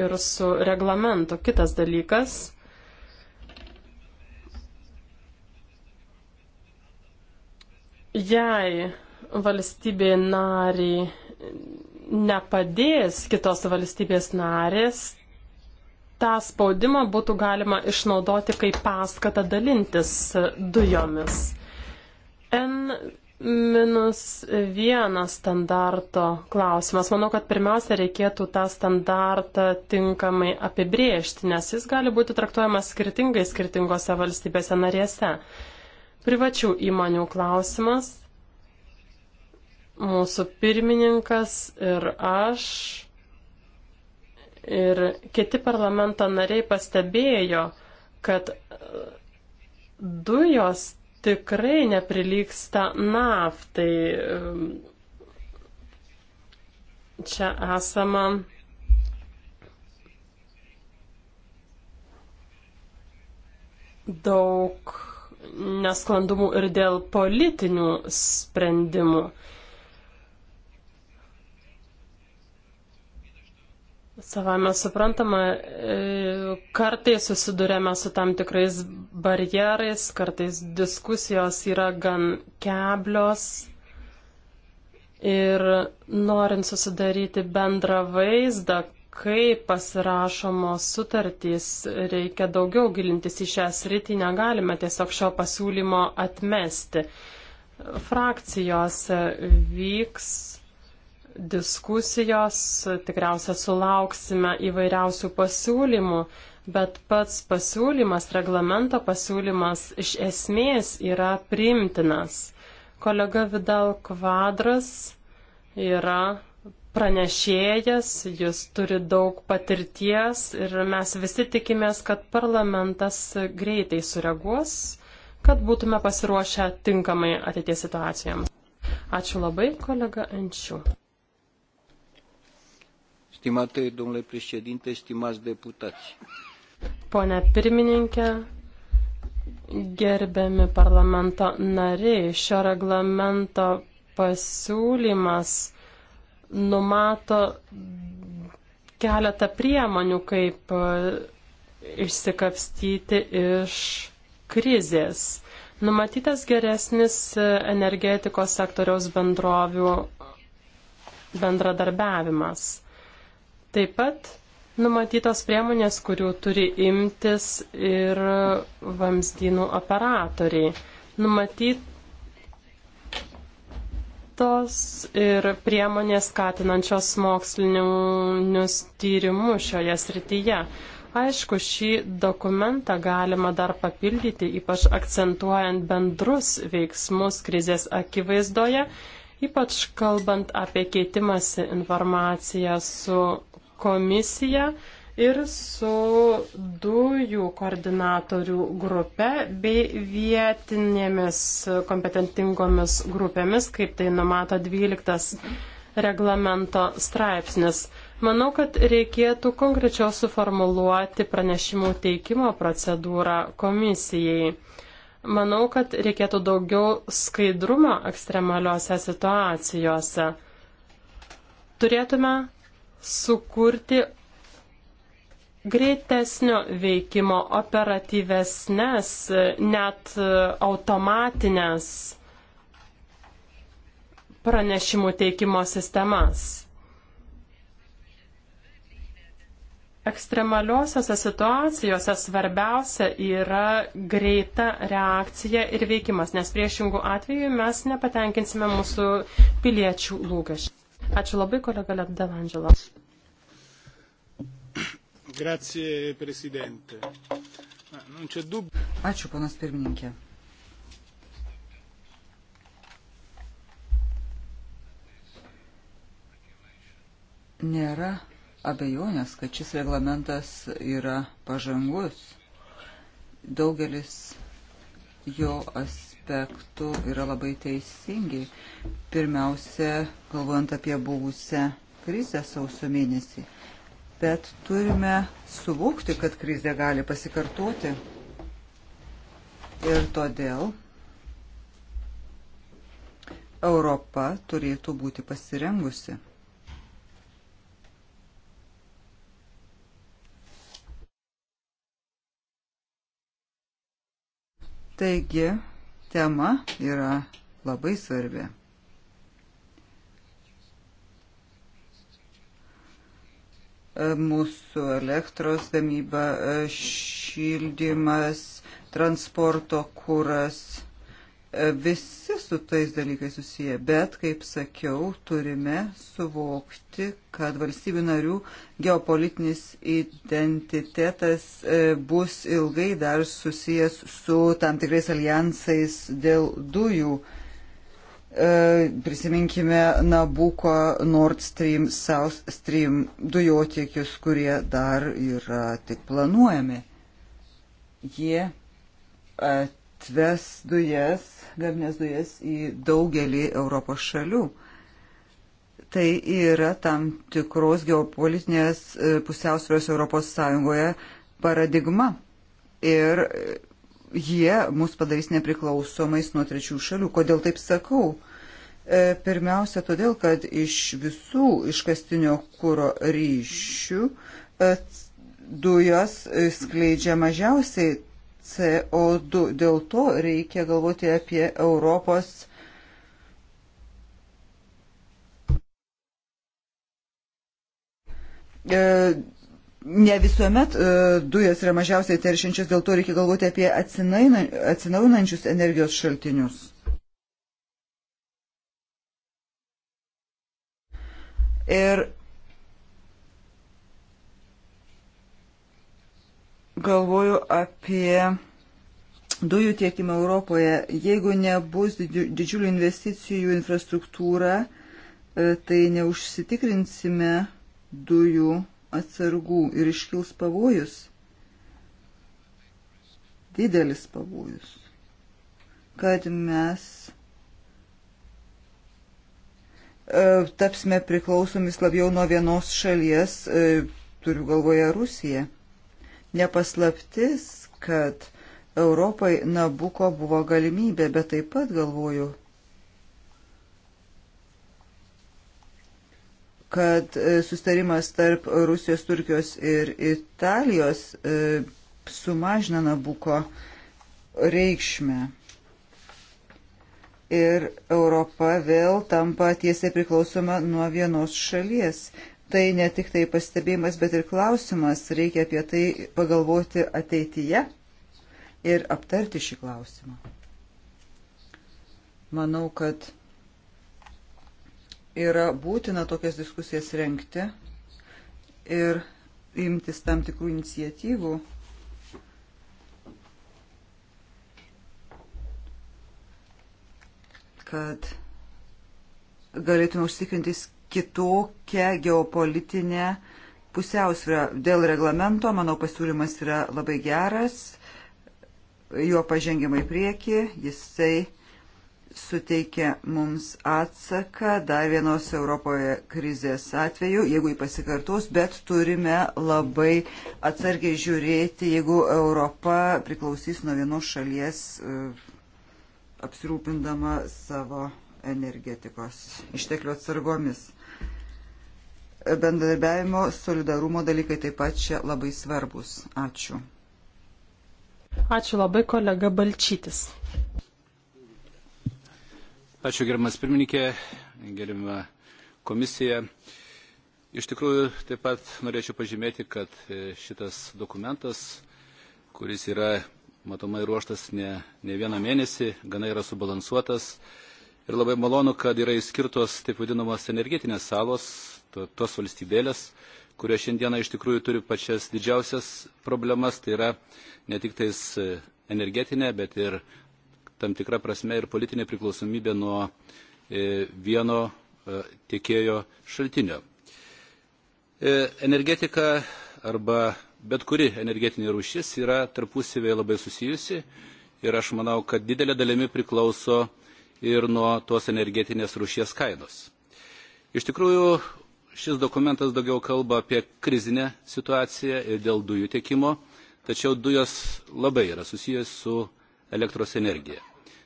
B: ir su reglamentu. Kitas dalykas Jei valstybė nariai nepadės kitos valstybės narės, tą spaudimą būtų galima išnaudoti kaip paskatą dalintis dujomis. N-1 standarto klausimas. Manau, kad pirmiausia reikėtų tą standartą tinkamai apibriežti, nes jis gali būti traktuojamas skirtingai skirtingose valstybėse narėse. Privačių įmonių klausimas. Mūsų pirmininkas ir aš ir kiti parlamento nariai pastebėjo, kad dujos tikrai neprilyksta naftai. Čia esama daug nesklandumų ir dėl politinių sprendimų. Savame suprantama, e, kartais susidurėme su tam tikrais barjerais, kartais diskusijos yra gan keblios. Ir norint susidaryti bendrą vaizdą, kai pasirašomos sutartys, reikia daugiau gilintis į šią sritį, negalime tiesiog šio pasiūlymo atmesti. Frakcijose vyks diskusijos, tikriausia sulauksime įvairiausių pasiūlymų, bet pats pasiūlymas, reglamento pasiūlymas iš esmės yra priimtinas. Kolega Vidal Kvadras yra pranešėjas, jis turi daug patirties ir mes visi tikimės, kad parlamentas greitai sureaguos, kad būtume pasiruošę tinkamai ateities situacijoms. Ačiū labai, kolega Ančių.
A: Stimate, domnule președinte, stimați deputați.
B: Pone pirmininkė, gerbiami parlamento nariai, šio reglamento pasiūlymas numato keletą priemonių, kaip e, išsikapstyti iš krizės. Numatytas geresnis e, energetikos sektoriaus bendrovių bendradarbiavimas. Taip pat numatytos priemonės, kurių turi imtis ir e, vamzdynų operatoriai. Numatyt nuostatos ir priemonės skatinančios mokslinius tyrimus šioje srityje. Aišku, šį dokumentą galima dar papildyti, ypač akcentuojant bendrus veiksmus krizės akivaizdoje, ypač kalbant apie keitimąsi informaciją su komisija ir su dujų koordinatorių grupe bei vietinėmis kompetentingomis grupėmis, kaip tai numato 12 reglamento straipsnis. Manau, kad reikėtų konkrečiau suformuluoti pranešimų teikimo procedūrą komisijai. Manau, kad reikėtų daugiau skaidrumo ekstremaliuose situacijose. Turėtume sukurti greitesnio veikimo, operatyvesnės, net automatinės pranešimų teikimo sistemas. Ekstremaliuosiuose situacijose svarbiausia yra greita reakcija ir veikimas, nes priešingų atveju mes nepatenkinsime mūsų piliečių lūkesčių. Ačiū labai, kolega Lebdevangelas.
A: Grazie, Presidente. Ah, non c'è
D: dubbio. Ačiū, panas pirmininkė. Nėra abejonės, kad šis reglamentas yra pažangus. Daugelis jo aspektų yra labai teisingi. Pirmiausia, galvojant apie buvusią krizę sausio mėnesį bet turime suvokti, kad krizė gali pasikartoti. Ir todėl Europa turėtų būti pasirengusi. Taigi, tema yra labai svarbi. mūsų elektros gamyba, šildymas, transporto kūras, visi su tais dalykais susiję. Bet, kaip sakiau, turime suvokti, kad valstybių narių geopolitinis identitetas e, bus ilgai dar susijęs su tam tikrais alijansais dėl dujų E, prisiminkime Nabuko Nord Stream, South Stream dujotiekius, kurie dar yra tik planuojami. Jie atves dujas, gamines dujas į daugelį Europos šalių. Tai yra tam tikros geopolitinės e, pusiausvėros Europos Sąjungoje paradigma. Ir jie mus padarys nepriklausomais nuo trečių šalių. Kodėl taip sakau? E, pirmiausia, todėl, kad iš visų iškastinio kūro ryšių e, dujos skleidžia mažiausiai CO2. Dėl to reikia galvoti apie Europos e, Ne visuomet dujos yra mažiausiai teršiančios, dėl to reikia galvoti apie atsinaujinančius energijos šaltinius. Ir galvoju apie dujų tiekimą Europoje. Jeigu nebus didžiulių investicijų infrastruktūra, e, tai neužsitikrinsime dujų atsargų ir iškils pavojus. Didelis pavojus, kad mes E, tapsime priklausomis labiau nuo vienos šalies, e, turiu galvoje Rusiją. Nepaslaptis, kad Europai Nabuko buvo galimybė, bet taip pat galvoju, kad e, sustarimas tarp Rusijos, Turkijos ir Italijos sumažina Nabuko reikšmę ir Europa vėl tampa tiesiai priklausoma nuo vienos šalies. Tai ne tik tai pastebėjimas, bet ir klausimas. Reikia apie tai pagalvoti ateityje ir aptarti šį klausimą. Manau, kad yra būtina tokias diskusijas renkti ir imtis tam tikrų iniciatyvų kad galėtume užsikrintis kitokią geopolitinę pusiausvyrą. Dėl reglamento, manau, pasiūlymas yra labai geras, juo pažengimai prieki, jisai suteikia mums atsaką dar vienos Europoje krizės atveju, jeigu jį pasikartos, bet turime labai atsargiai žiūrėti, jeigu Europa priklausys nuo vienos šalies e, apsirūpindama savo energetikos išteklių atsargomis. Bendradarbiavimo, solidarumo dalykai taip pat čia labai svarbus. Ačiū.
B: Ačiū labai kolega Balčytis.
A: Ačiū gerbiamas pirmininkė, gerbiama komisija. Iš tikrųjų, taip pat norėčiau pažymėti, kad e, šitas dokumentas, kuris yra matomai ruoštas ne, ne vieną mėnesį, gana yra subalansuotas. Ir labai malonu, kad yra išskirtos taip vadinamos energetinės salos, to, tos valstybėlės, kurie šiandieną iš tikrųjų turi pačias didžiausias problemas, tai yra ne tik tais e, energetinė, bet ir tam tikra prasme ir politinė priklausomybė nuo e, vieno e, tiekėjo šaltinio. Energetika arba bet kuri energetinė rūšis yra tarpusavėje labai susijusi ir aš manau, kad didelė dalimi priklauso ir nuo tos energetinės rūšies kainos. Iš tikrųjų, šis dokumentas daugiau kalba apie krizinę situaciją ir dėl dujų tiekimo, tačiau dujos labai yra susijęs su elektros energija.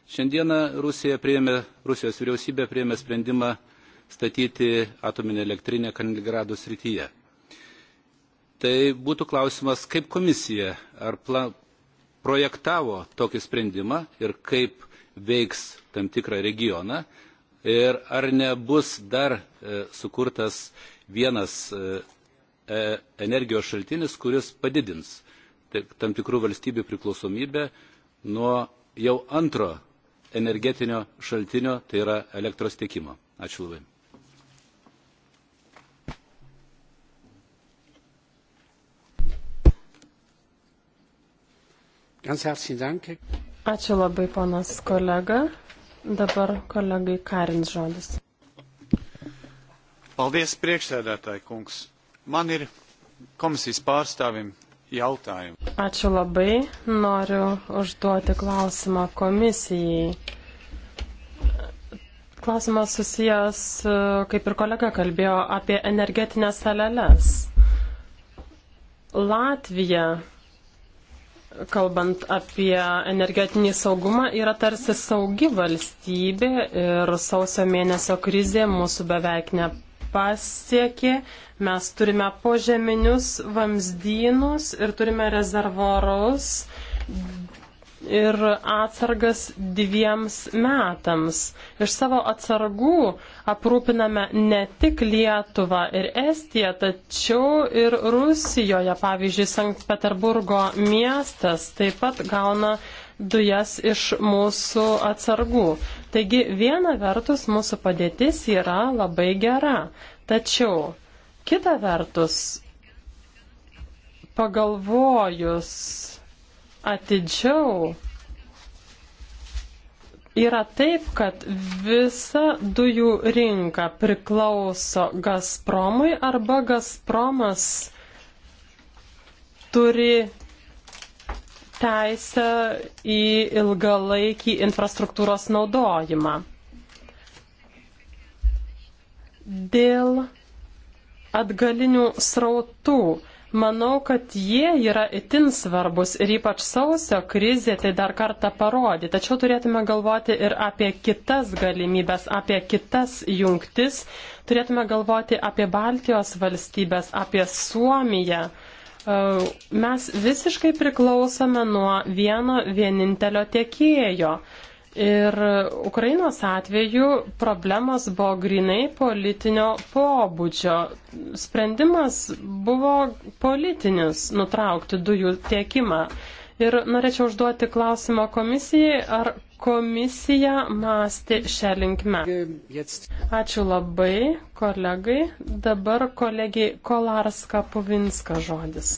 A: Šiandieną Rusija priėmė, Rusijos vyriausybė priėmė sprendimą statyti atominę elektrinę Kaliningrado srityje Tai būtų klausimas, kaip komisija ar plan, projektavo tokį sprendimą ir kaip veiks tam tikrą regioną ir ar nebus dar e, sukurtas vienas e, e energijos šaltinis, kuris padidins tam tikrų valstybių priklausomybę nuo jau antro energetinio šaltinio, tai yra elektros tiekimo. Ačiū labai. Ačiū
B: labai, ponas kolega. Dabar kolegai Karins žodis.
A: Paldies, priekšsēdētāji kungs. Man ir komisijas pārstāvim jautājumi.
B: Ačiū labai. Noriu užduoti klausimą komisijai. Klausimas susijęs, kaip ir kolega kalbėjo, apie energetinės saleles. Latvija kalbant apie energetinį saugumą, yra tarsi saugi valstybė ir sausio mėnesio krizė mūsų beveik nepasiekė. Mes turime požeminius vamzdynus ir turime rezervorus ir atsargas dviems metams. Iš savo atsargų aprūpiname ne tik Lietuvą ir Estiją, tačiau ir Rusijoje, pavyzdžiui, Sankt Peterburgo miestas taip pat gauna dujas iš mūsų atsargų. Taigi viena vertus mūsų padėtis yra labai gera, tačiau kita vertus pagalvojus atidžiau, yra taip, kad visa dujų rinka priklauso Gazpromui arba Gazpromas turi teisę į ilgalaikį infrastruktūros naudojimą. Dėl atgalinių srautų Manau, kad jie yra itin svarbus ir ypač sausio krizė tai dar kartą parodė. Tačiau turėtume galvoti ir apie kitas galimybės, apie kitas jungtis. Turėtume galvoti apie Baltijos valstybės, apie Suomiją. Mes visiškai priklausome nuo vieno vienintelio tiekėjo. Ir Ukrainos atveju problemos buvo grinai politinio pobūdžio. Sprendimas buvo politinis nutraukti dujų tiekimą. Ir norėčiau užduoti klausimą komisijai, ar komisija mąsti šią linkmę. Ačiū labai, kolegai. Dabar kolegiai Kolarska Puvinska žodis.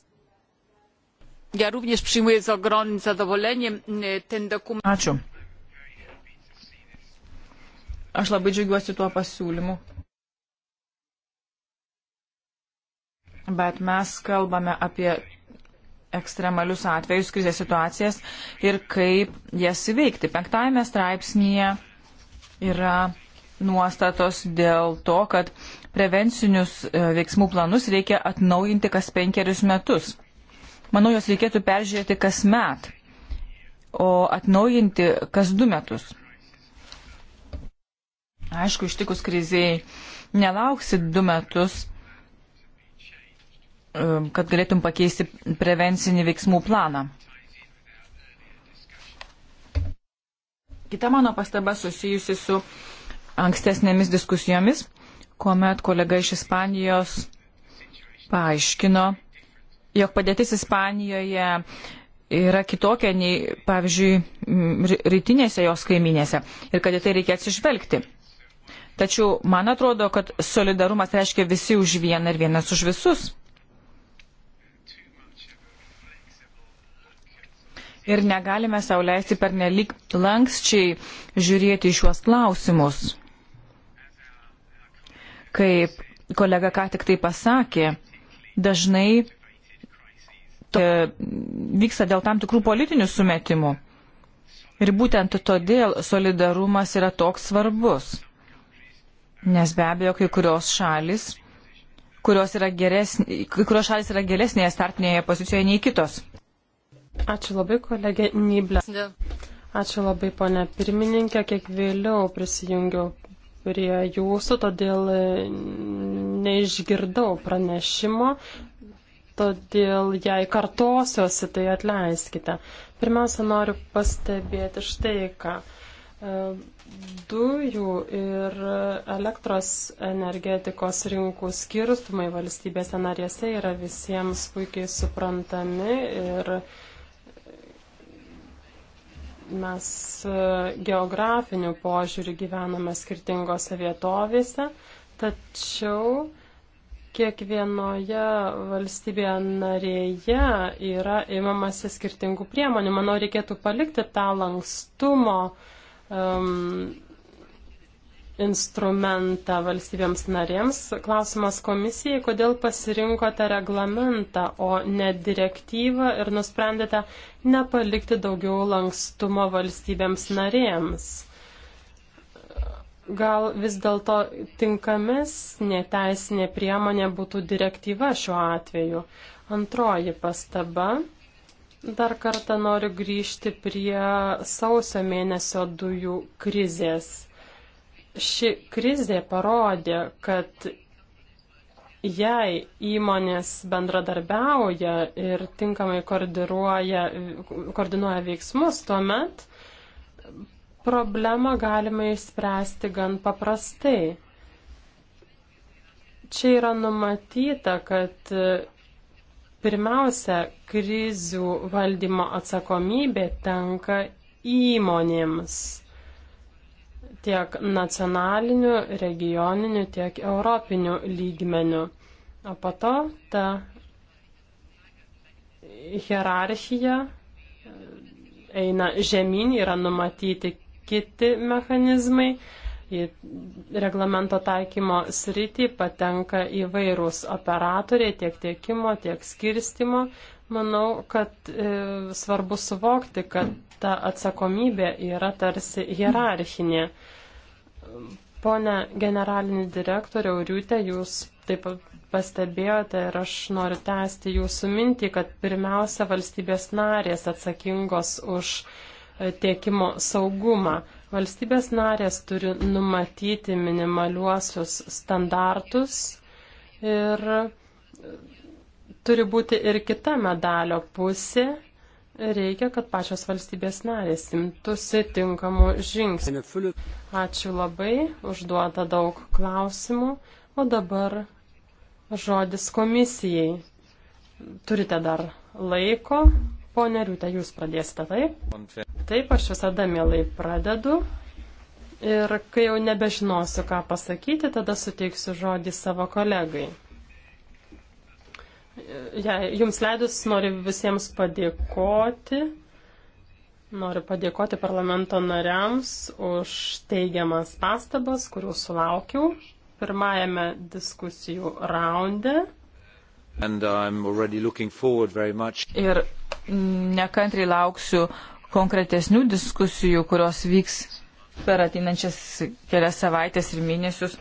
C: Ja również przyjmuję z ogromnym zadowoleniem e, ten dokument. Ačiū. Aš labai džiaugiuosi tuo pasiūlymu. Bet mes kalbame apie ekstremalius atvejus, krizės situacijas ir kaip jas įveikti. Penktajame straipsnėje yra nuostatos dėl to, kad prevencinius e, veiksmų planus reikia atnaujinti kas penkerius metus. Manau, jos reikėtų peržiūrėti kas met, o atnaujinti kas du metus. Aišku, ištikus kriziai nelauksi du metus, um, kad galėtum pakeisti prevencinį veiksmų planą. Kita mano pastaba susijusi su ankstesnėmis diskusijomis, kuomet kolega iš Ispanijos paaiškino, jog padėtis Ispanijoje yra kitokia nei, pavyzdžiui, rytinėse jos kaiminėse ir kad į tai reikia atsižvelgti. Tačiau man atrodo, kad solidarumas reiškia visi už vieną ir vienas už visus. Ir negalime sauliaisti per nelik lankščiai žiūrėti į šiuos klausimus. Kaip kolega ką tik tai pasakė, dažnai e, vyksta dėl tam tikrų politinių sumetimų. Ir būtent todėl solidarumas yra toks svarbus. Nes be abejo, kai kurios šalis, kurios, yra geresnė, kai kurios šalis yra geresnėje startinėje pozicijoje nei kitos.
B: Ačiū labai, kolegė Nyblė. Ačiū labai, ponė pirmininkė, kiek vėliau prisijungiau prie jūsų, todėl e, neišgirdau pranešimo, todėl jei kartosiuosi, tai atleiskite. Pirmiausia, noriu pastebėti štai ką dujų ir elektros energetikos rinkų skirtumai valstybėse narėse yra visiems puikiai suprantami ir mes e, geografiniu požiūriu gyvename skirtingose vietovėse, tačiau kiekvienoje valstybėje narėje yra imamasi skirtingų priemonių. Manau, reikėtų palikti tą lankstumo uh, um, instrumentą valstybėms narėms. Klausimas komisijai, kodėl pasirinkote reglamentą, o ne direktyvą ir nusprendėte nepalikti daugiau lankstumo valstybėms narėms. Gal vis dėlto tinkamesnė teisinė priemonė būtų direktyva šiuo atveju. Antroji pastaba. Dar kartą noriu grįžti prie sausio mėnesio dujų krizės. Ši krizė parodė, kad jei įmonės bendradarbiauja ir tinkamai koordinuoja veiksmus, tuomet problemą galima išspręsti gan paprastai. Čia yra numatyta, kad Pirmiausia, krizių valdymo atsakomybė tenka įmonėms tiek nacionaliniu, regioniniu, tiek europiniu lygmeniu. O po to ta hierarchija eina žemyn, yra numatyti kiti mechanizmai, Į reglamento taikymo sritį patenka įvairūs operatoriai tiek tiekimo, tiek skirstimo. Manau, kad e, svarbu suvokti, kad ta atsakomybė yra tarsi hierarchinė. Pone generalinį direktorių Riutę, jūs taip pastebėjote ir aš noriu tęsti jūsų mintį, kad pirmiausia valstybės narės atsakingos už e, tiekimo saugumą. Valstybės narės turi numatyti minimaliuosius standartus ir turi būti ir kita medalio pusė. Reikia, kad pačios valstybės narės imtųsi tinkamų žingsnių. Ačiū labai, užduota daug klausimų, o dabar žodis komisijai. Turite dar laiko, Pone Riutė, jūs pradėsite, taip? Taip, aš visada mielai pradedu. Ir kai jau nebežinosiu, ką pasakyti, tada suteiksiu žodį savo kolegai. Ja, jums leidus noriu visiems padėkoti. Noriu padėkoti parlamento nariams už teigiamas pastabas, kurių sulaukiau pirmajame diskusijų raunde. Ir nekantriai lauksiu
C: konkretesnių diskusijų, kurios vyks per ateinančias kelias savaitės ir mėnesius,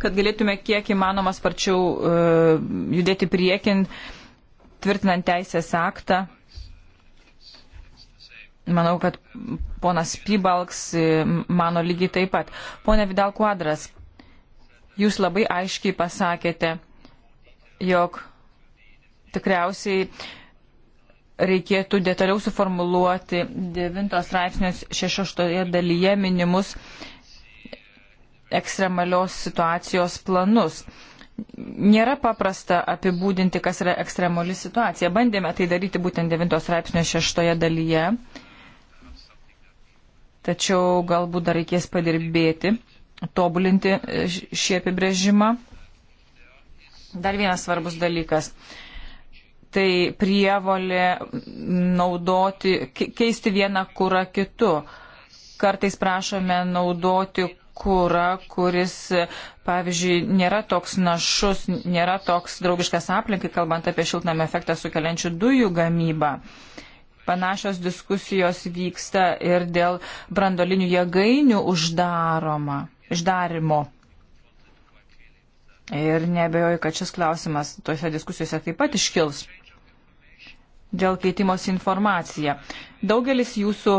C: kad galėtume kiek įmanoma sparčiau uh, judėti priekin, tvirtinant teisės aktą. Manau, kad ponas Pybalks e, mano lygiai taip pat. Pone Vidal Quadras, jūs labai aiškiai pasakėte, jog tikriausiai reikėtų detaliau suformuluoti 9 straipsnės 6 dalyje minimus ekstremalios situacijos planus. Nėra paprasta apibūdinti, kas yra ekstremali situacija. Bandėme tai daryti būtent 9 straipsnio 6 dalyje, tačiau galbūt dar reikės padirbėti, tobulinti šį apibrėžimą. Dar vienas svarbus dalykas tai prievolė naudoti, keisti vieną kurą kitu. Kartais prašome naudoti kurą, kuris, pavyzdžiui, nėra toks našus, nėra toks draugiškas aplinkai, kalbant apie šiltnamio efektą sukeliančių dujų gamybą. Panašios diskusijos vyksta ir dėl brandolinių jėgainių uždaroma, išdarimo. Ir nebejoju, kad šis klausimas tose diskusijose taip pat iškils dėl keitimos informacija. Daugelis jūsų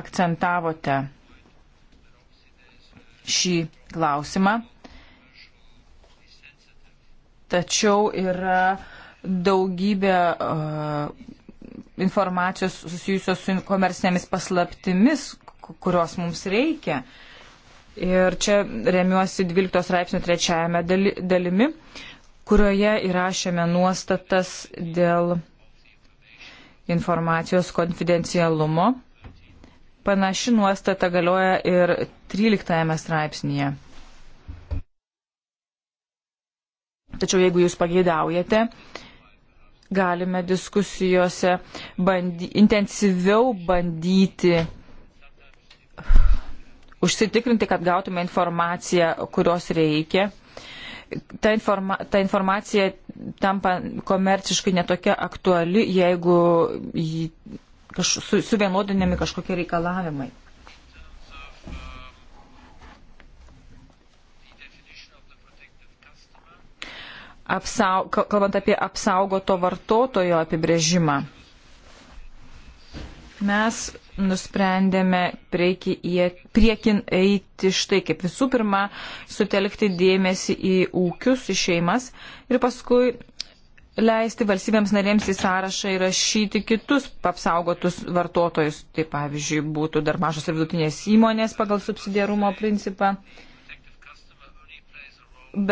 C: akcentavote šį klausimą, tačiau yra daugybė uh, informacijos susijusios su komersinėmis paslaptimis, kurios mums reikia. Ir čia remiuosi 12 straipsnių trečiajame dalimi, kurioje įrašėme nuostatas dėl informacijos konfidencialumo. Panaši nuostata galioja ir 13 straipsnėje. Tačiau jeigu jūs pageidaujate, galime diskusijose bandy, intensyviau bandyti užsitikrinti, kad gautume informaciją, kurios reikia ta, informa ta informacija tampa komerciškai netokia aktuali, jeigu jį kaž, su, suvienodinami kažkokie reikalavimai. Apsau, kalbant apie apsaugoto vartotojo apibrėžimą, mes nusprendėme priekin eiti štai kaip visų pirma, sutelkti dėmesį į ūkius, į šeimas ir paskui leisti valstybėms narėms į sąrašą įrašyti kitus apsaugotus vartotojus. Tai pavyzdžiui, būtų dar mažos ir vidutinės įmonės pagal subsidiarumo principą.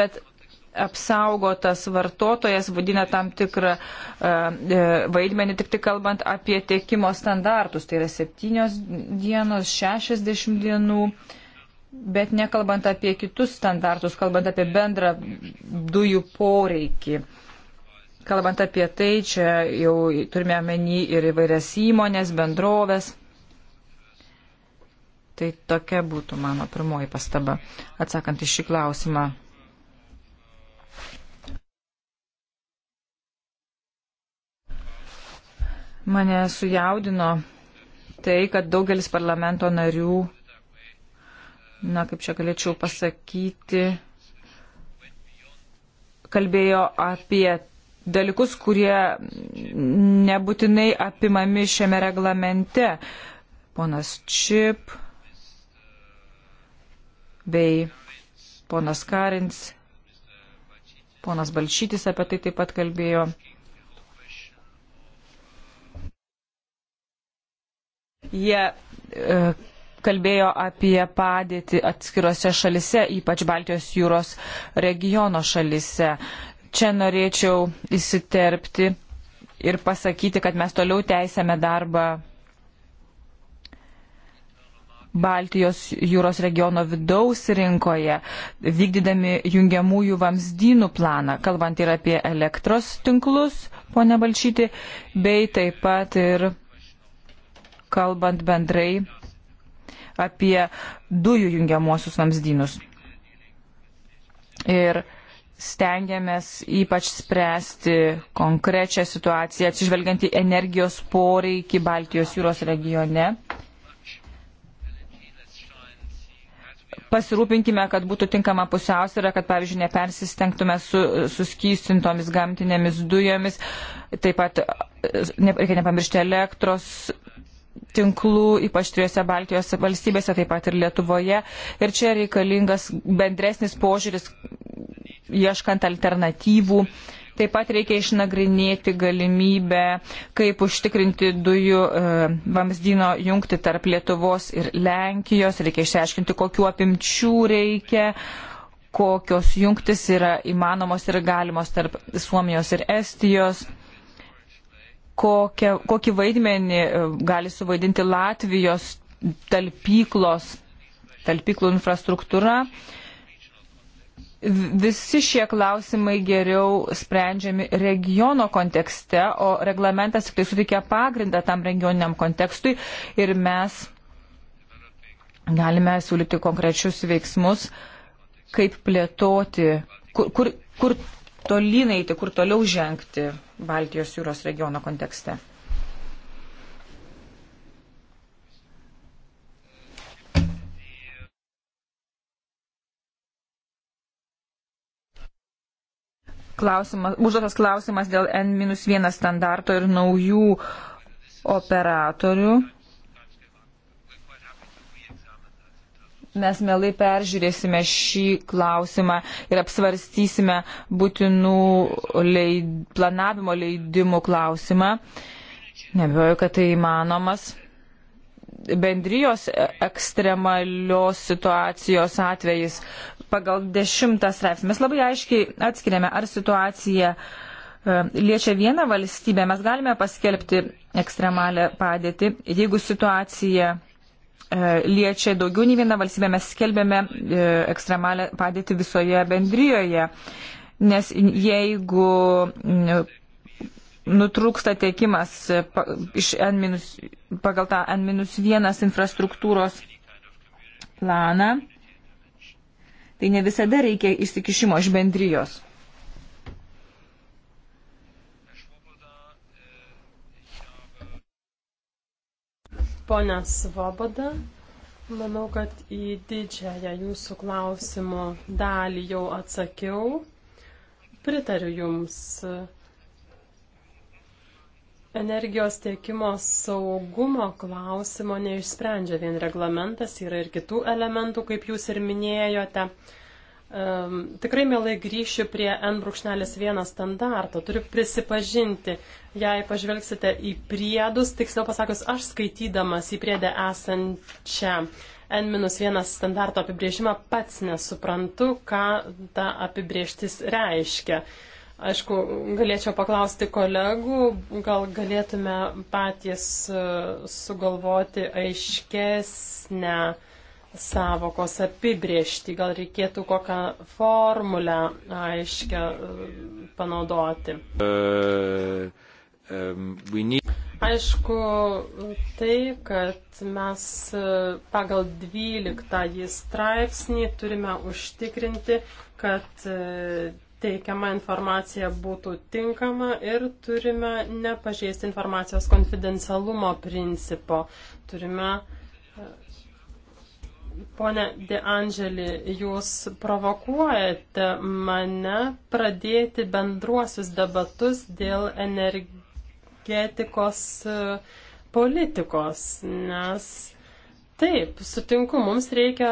C: Bet apsaugotas vartotojas vadina tam tikrą e, e, vaidmenį, tik tai kalbant apie tiekimo standartus, tai yra 7 dienos, 60 dienų, bet nekalbant apie kitus standartus, kalbant apie bendrą dujų poreikį. Kalbant apie tai, čia jau turime menį ir įvairias įmonės, bendrovės. Tai tokia būtų mano pirmoji pastaba, atsakant į šį klausimą. Mane sujaudino tai, kad daugelis parlamento narių, na kaip čia galėčiau pasakyti, kalbėjo apie dalykus, kurie nebūtinai apimami šiame reglamente. Ponas Čip bei ponas Karins, ponas Balšytis apie tai taip pat kalbėjo. Jie e, kalbėjo apie padėtį atskirose šalise, ypač Baltijos jūros regiono šalise. Čia norėčiau įsiterpti ir pasakyti, kad mes toliau tęsėme darbą Baltijos jūros regiono vidaus rinkoje, vykdydami jungiamųjų vamzdynų planą, kalbant ir apie elektros tinklus, ponia Balšyti, bei taip pat ir kalbant bendrai apie dujų jungiamuosius vamzdynus. Ir stengiamės ypač spręsti konkrečią situaciją, atsižvelgiant į energijos poreikį Baltijos jūros regione. Pasirūpinkime, kad būtų tinkama pusiausvėra, kad, pavyzdžiui, nepersistengtume su suskystintomis gamtinėmis dujomis. Taip pat e, reikia nepamiršti elektros tinklų, ypač trijose Baltijos valstybėse, taip pat ir Lietuvoje. Ir čia reikalingas bendresnis požiūris, ieškant alternatyvų. Taip pat reikia išnagrinėti galimybę, kaip užtikrinti dujų e, vamzdyno jungti tarp Lietuvos ir Lenkijos. Reikia išsiaiškinti, kokiu apimčių reikia kokios jungtis yra įmanomos ir galimos tarp Suomijos ir Estijos kokią, kokį vaidmenį e, gali suvaidinti Latvijos talpyklos, talpyklų infrastruktūra. Visi šie klausimai geriau sprendžiami regiono kontekste, o reglamentas tik tai suteikia pagrindą tam regioniniam kontekstui ir mes galime siūlyti konkrečius veiksmus, kaip plėtoti, kur, kur, kur tolynai, tai kur toliau žengti Baltijos jūros regiono kontekste. Klausimas, užduotas klausimas dėl N-1 standarto ir naujų operatorių. Mes mielai peržiūrėsime šį klausimą ir apsvarstysime būtinų leid, planavimo leidimų klausimą. Nebijoju, kad tai įmanomas. Bendrijos ekstremalios situacijos atvejais pagal dešimtą straipsnį. Mes labai aiškiai atskiriame, ar situacija e, liečia vieną valstybę, mes galime paskelbti ekstremalią padėtį, jeigu situacija E, liečia daugiau nei vieną valstybę. Mes skelbėme e, ekstremalę padėtį visoje bendryjoje, nes jeigu nutrūksta tiekimas e, N, pagal tą N-1 infrastruktūros planą, tai ne visada reikia įsikišimo iš bendrijos.
B: Pone Svoboda, manau, kad į didžiąją jūsų klausimų dalį jau atsakiau. Pritariu Jums. Energijos tiekimo saugumo klausimo neišsprendžia vien reglamentas, yra ir kitų elementų, kaip Jūs ir minėjote. Um, tikrai mielai grįšiu prie N.1 standarto. Turiu prisipažinti, jei pažvelgsite į priedus, tiksliau pasakius, aš skaitydamas į priedę esančią N-1 standarto apibrėžimą pats nesuprantu, ką ta apibrėžtis reiškia. Aišku, galėčiau paklausti kolegų, gal galėtume patys e, sugalvoti aiškesnę uh, savokos apibriešti, gal reikėtų kokią formulę aiškę e, panaudoti.
A: E, e,
B: Aišku, tai, kad mes pagal 12 straipsnį turime užtikrinti, kad teikiama informacija būtų tinkama ir turime nepažeisti informacijos konfidencialumo principo. Turime uh, Pone De Angelį, jūs provokuojate mane pradėti bendruosius debatus dėl energetikos e, politikos, nes taip, sutinku, mums reikia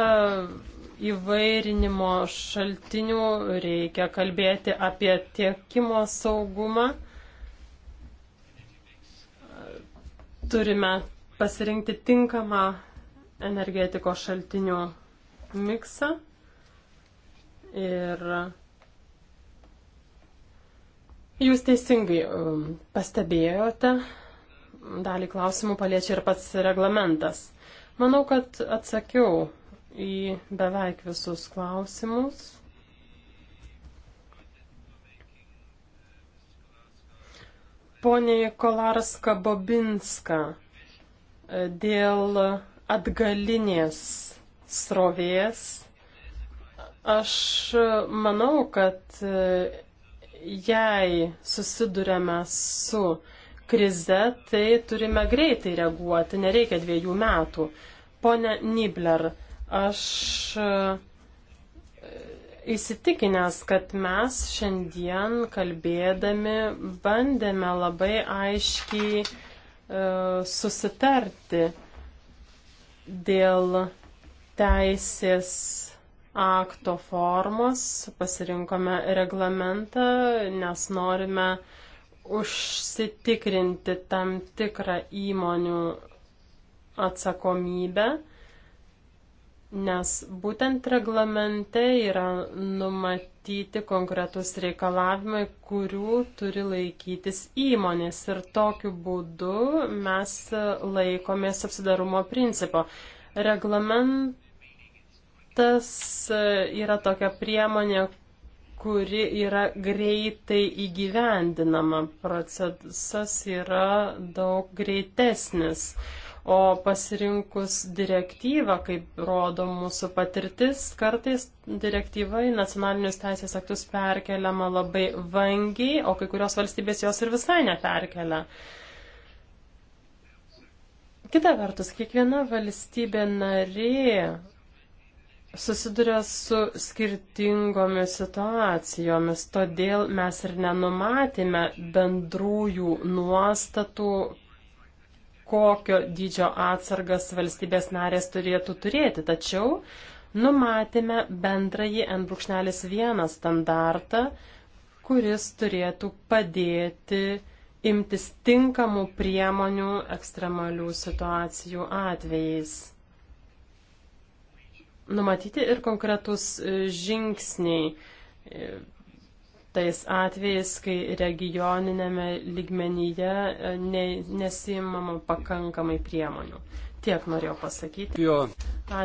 B: įvairinimo šaltinių, reikia kalbėti apie tiekimo saugumą. Turime pasirinkti tinkamą energetikos šaltinių miksą ir jūs teisingai um, pastebėjote, dalį klausimų paliečia ir pats reglamentas. Manau, kad atsakiau į beveik visus klausimus. Pone Kolarska Bobinska, dėl atgalinės srovės. Aš manau, kad e, jei susidurėme su krize, tai turime greitai reaguoti, nereikia dviejų metų. Pone Nibler, aš e, įsitikinęs, kad mes šiandien kalbėdami bandėme labai aiškiai e, susitarti. Dėl teisės akto formos pasirinkome reglamentą, nes norime užsitikrinti tam tikrą įmonių atsakomybę nes būtent reglamente yra numatyti konkretus reikalavimai, kurių turi laikytis įmonės ir tokiu būdu mes laikomės apsidarumo principo. Reglamentas yra tokia priemonė, kuri yra greitai įgyvendinama. Procesas yra daug greitesnis. O pasirinkus direktyvą, kaip rodo mūsų patirtis, kartais direktyva į nacionalinius teisės aktus perkeliama labai vangiai, o kai kurios valstybės jos ir visai neperkelia. Kita vertus, kiekviena valstybė narė susiduria su skirtingomis situacijomis, todėl mes ir nenumatėme bendrųjų nuostatų, kokio dydžio atsargas valstybės narės turėtų turėti, tačiau numatėme bendrąjį N.1 standartą, kuris turėtų padėti imtis tinkamų priemonių ekstremalių situacijų atvejais. Numatyti ir konkretus e, žingsniai e, tais atvejais, kai regioninėme lygmenyje e, ne, nesimama pakankamai priemonių. Tiek norėjau pasakyti. Jo.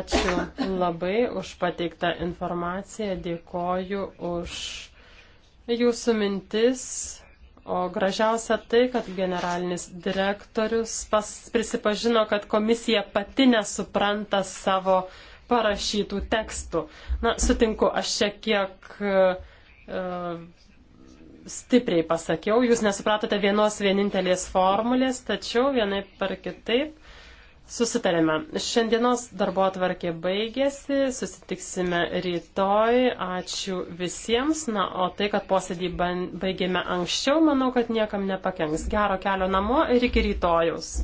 B: Ačiū labai už pateiktą informaciją, dėkoju už jūsų mintis. O gražiausia tai, kad generalinis direktorius pas, prisipažino, kad komisija pati nesupranta savo parašytų tekstų. Na, sutinku, aš šiek tiek uh, E, stipriai pasakiau, jūs nesupratote vienos vienintelės formulės, tačiau vienai par kitaip susitarėme. Šiandienos darbo atvarkė baigėsi, susitiksime rytoj, ačiū visiems, na, o tai, kad posėdį baigėme anksčiau, manau, kad niekam nepakenks. Gero kelio namo ir iki rytojus.